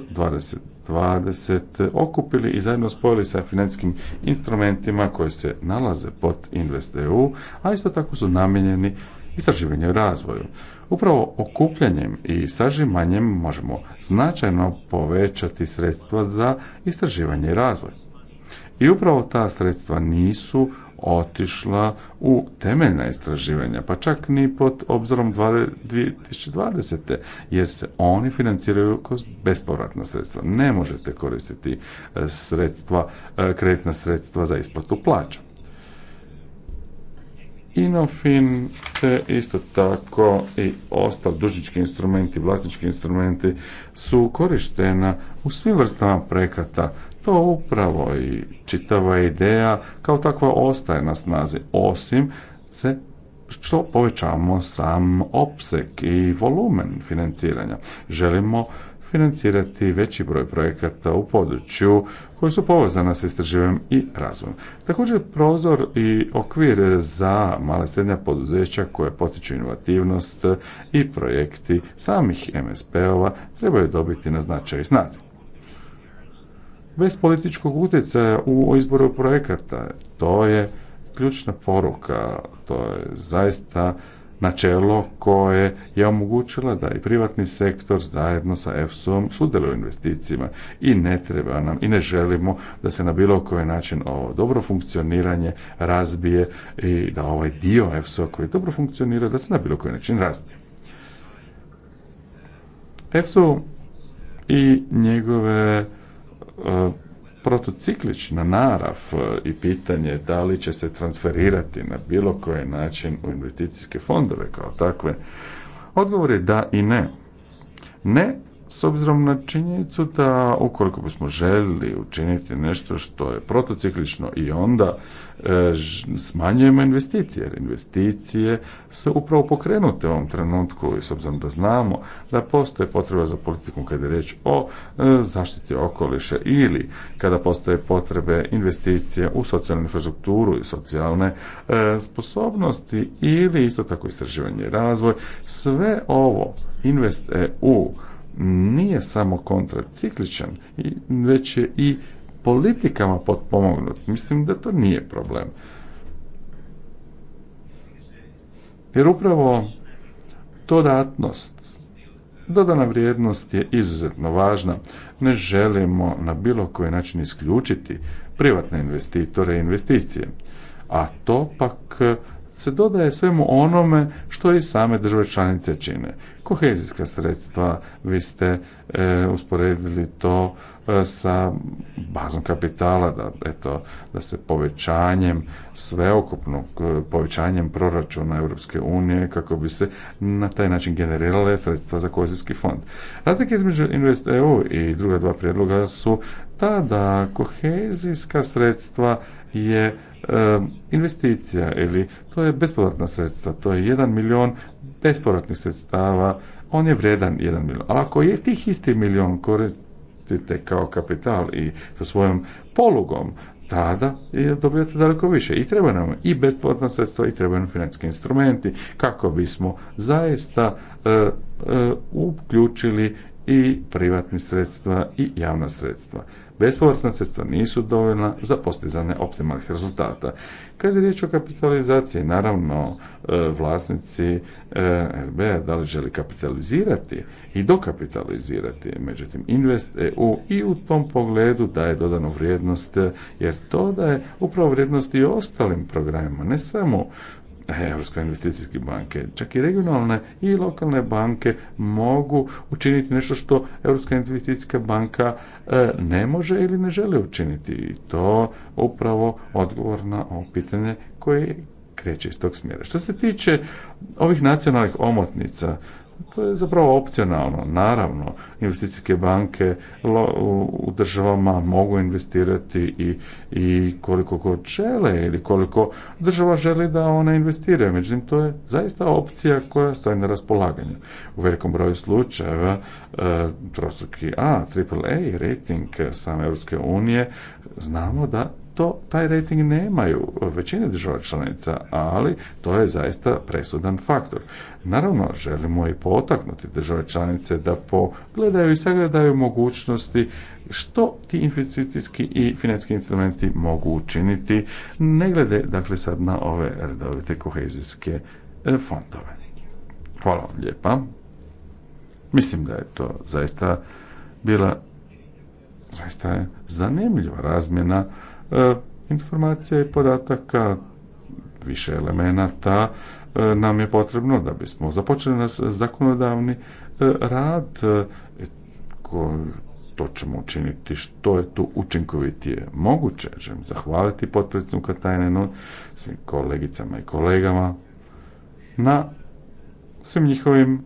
20 okupili i zajedno spojili sa financijskim instrumentima koji se nalaze pod InvestEU, a isto tako su namijenjeni istraživanju i razvoju. Upravo okupljanjem i sažimanjem možemo značajno povećati sredstva za istraživanje i razvoj. I upravo ta sredstva nisu otišla u temeljna istraživanja, pa čak ni pod obzorom 2020. jer se oni financiraju kroz bespovratna sredstva. Ne možete koristiti e, sredstva, e, kreditna sredstva za isplatu plaća. Inofin, te isto tako i ostali dužnički instrumenti, vlasnički instrumenti su korištena u svim vrstama projekata to upravo i čitava ideja kao takva ostaje na snazi, osim se što povećamo sam opseg i volumen financiranja. Želimo financirati veći broj projekata u području koji su povezana s istraživanjem i razvojem. Također prozor i okvir za male srednja poduzeća koje potiču inovativnost i projekti samih MSP-ova trebaju dobiti na značaju i snazi bez političkog utjecaja u izboru projekata. To je ključna poruka, to je zaista načelo koje je omogućilo da i privatni sektor zajedno sa EFSO-om sudjeluje u investicijama i ne treba nam i ne želimo da se na bilo koji način ovo dobro funkcioniranje razbije i da ovaj dio EFSO koji dobro funkcionira da se na bilo koji način razbije. EFSO i njegove protociklična narav e, i pitanje da li će se transferirati na bilo koji način u investicijske fondove kao takve, odgovor je da i ne. Ne s obzirom na činjenicu da ukoliko bismo željeli učiniti nešto što je protociklično i onda e, smanjujemo investicije, jer investicije su upravo pokrenute u ovom trenutku i s obzirom da znamo da postoje potreba za politikom kada je riječ o e, zaštiti okoliša ili kada postoje potrebe investicije u socijalnu infrastrukturu i socijalne e, sposobnosti ili isto tako istraživanje i razvoj, sve ovo Invest u nije samo kontracikličan, već je i politikama potpomognut. Mislim da to nije problem. Jer upravo dodatnost, dodana vrijednost je izuzetno važna. Ne želimo na bilo koji način isključiti privatne investitore i investicije. A to pak se dodaje svemu onome što i same države članice čine. Kohezijska sredstva, vi ste e, usporedili to e, sa bazom kapitala, da, eto, da se povećanjem sveokupnog, e, povećanjem proračuna Europske unije kako bi se na taj način generirale sredstva za kohezijski fond. Razlike između Invest EU i druga dva prijedloga su ta da kohezijska sredstva je investicija ili to je bespovratna sredstva, to je jedan milion bespovratnih sredstava, on je vredan jedan milion. Ali ako je tih isti milion koristite kao kapital i sa svojom polugom, tada dobijate daleko više. I treba nam i bespovratna sredstva i trebaju nam financijski instrumenti kako bismo zaista e, e, uključili i privatni sredstva i javna sredstva. Bespovratna sredstva nisu dovoljna za postizanje optimalnih rezultata. Kad je riječ o kapitalizaciji, naravno e, vlasnici e, RB da li želi kapitalizirati i dokapitalizirati, međutim Invest EU i u tom pogledu daje dodanu vrijednost jer to daje upravo vrijednost i ostalim programima, ne samo Europske investicijske banke, čak i regionalne i lokalne banke mogu učiniti nešto što Europska investicijska banka e, ne može ili ne želi učiniti. I to upravo odgovor na ovo pitanje koje kreće iz tog smjera. Što se tiče ovih nacionalnih omotnica, to je zapravo opcionalno. Naravno, investicijske banke u državama mogu investirati i, i koliko god žele ili koliko država želi da one investiraju. Međutim, to je zaista opcija koja stoji na raspolaganju. U velikom broju slučajeva e, trostruki A, AAA rating same Europske unije, znamo da to taj rating nemaju većine država članica, ali to je zaista presudan faktor. Naravno, želimo i potaknuti države članice da pogledaju i sagledaju mogućnosti što ti investicijski i financijski instrumenti mogu učiniti, ne glede dakle sad na ove redovite kohezijske e, fondove. Hvala vam lijepa. Mislim da je to zaista bila zaista je zanimljiva razmjena E, informacija i podataka, više elemenata e, nam je potrebno da bismo započeli nas zakonodavni e, rad to ćemo učiniti što je tu učinkovitije moguće. Želim zahvaliti potpredsjedniku Katajnenu, svim kolegicama i kolegama na svim njihovim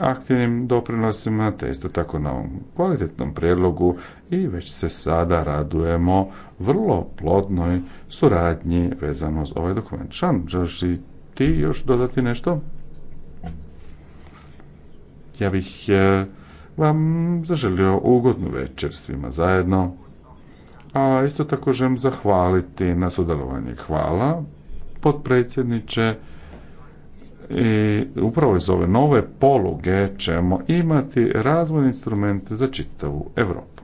aktivnim doprinosima, te isto tako na ovom kvalitetnom prijedlogu i već se sada radujemo vrlo plodnoj suradnji vezano s ovaj dokument. Šan, želiš li ti još dodati nešto? Ja bih e, vam zaželio ugodnu večer svima zajedno. A isto tako želim zahvaliti na sudjelovanju. Hvala, potpredsjedniče i upravo iz ove nove poluge ćemo imati razvojni instrumente za čitavu Europu.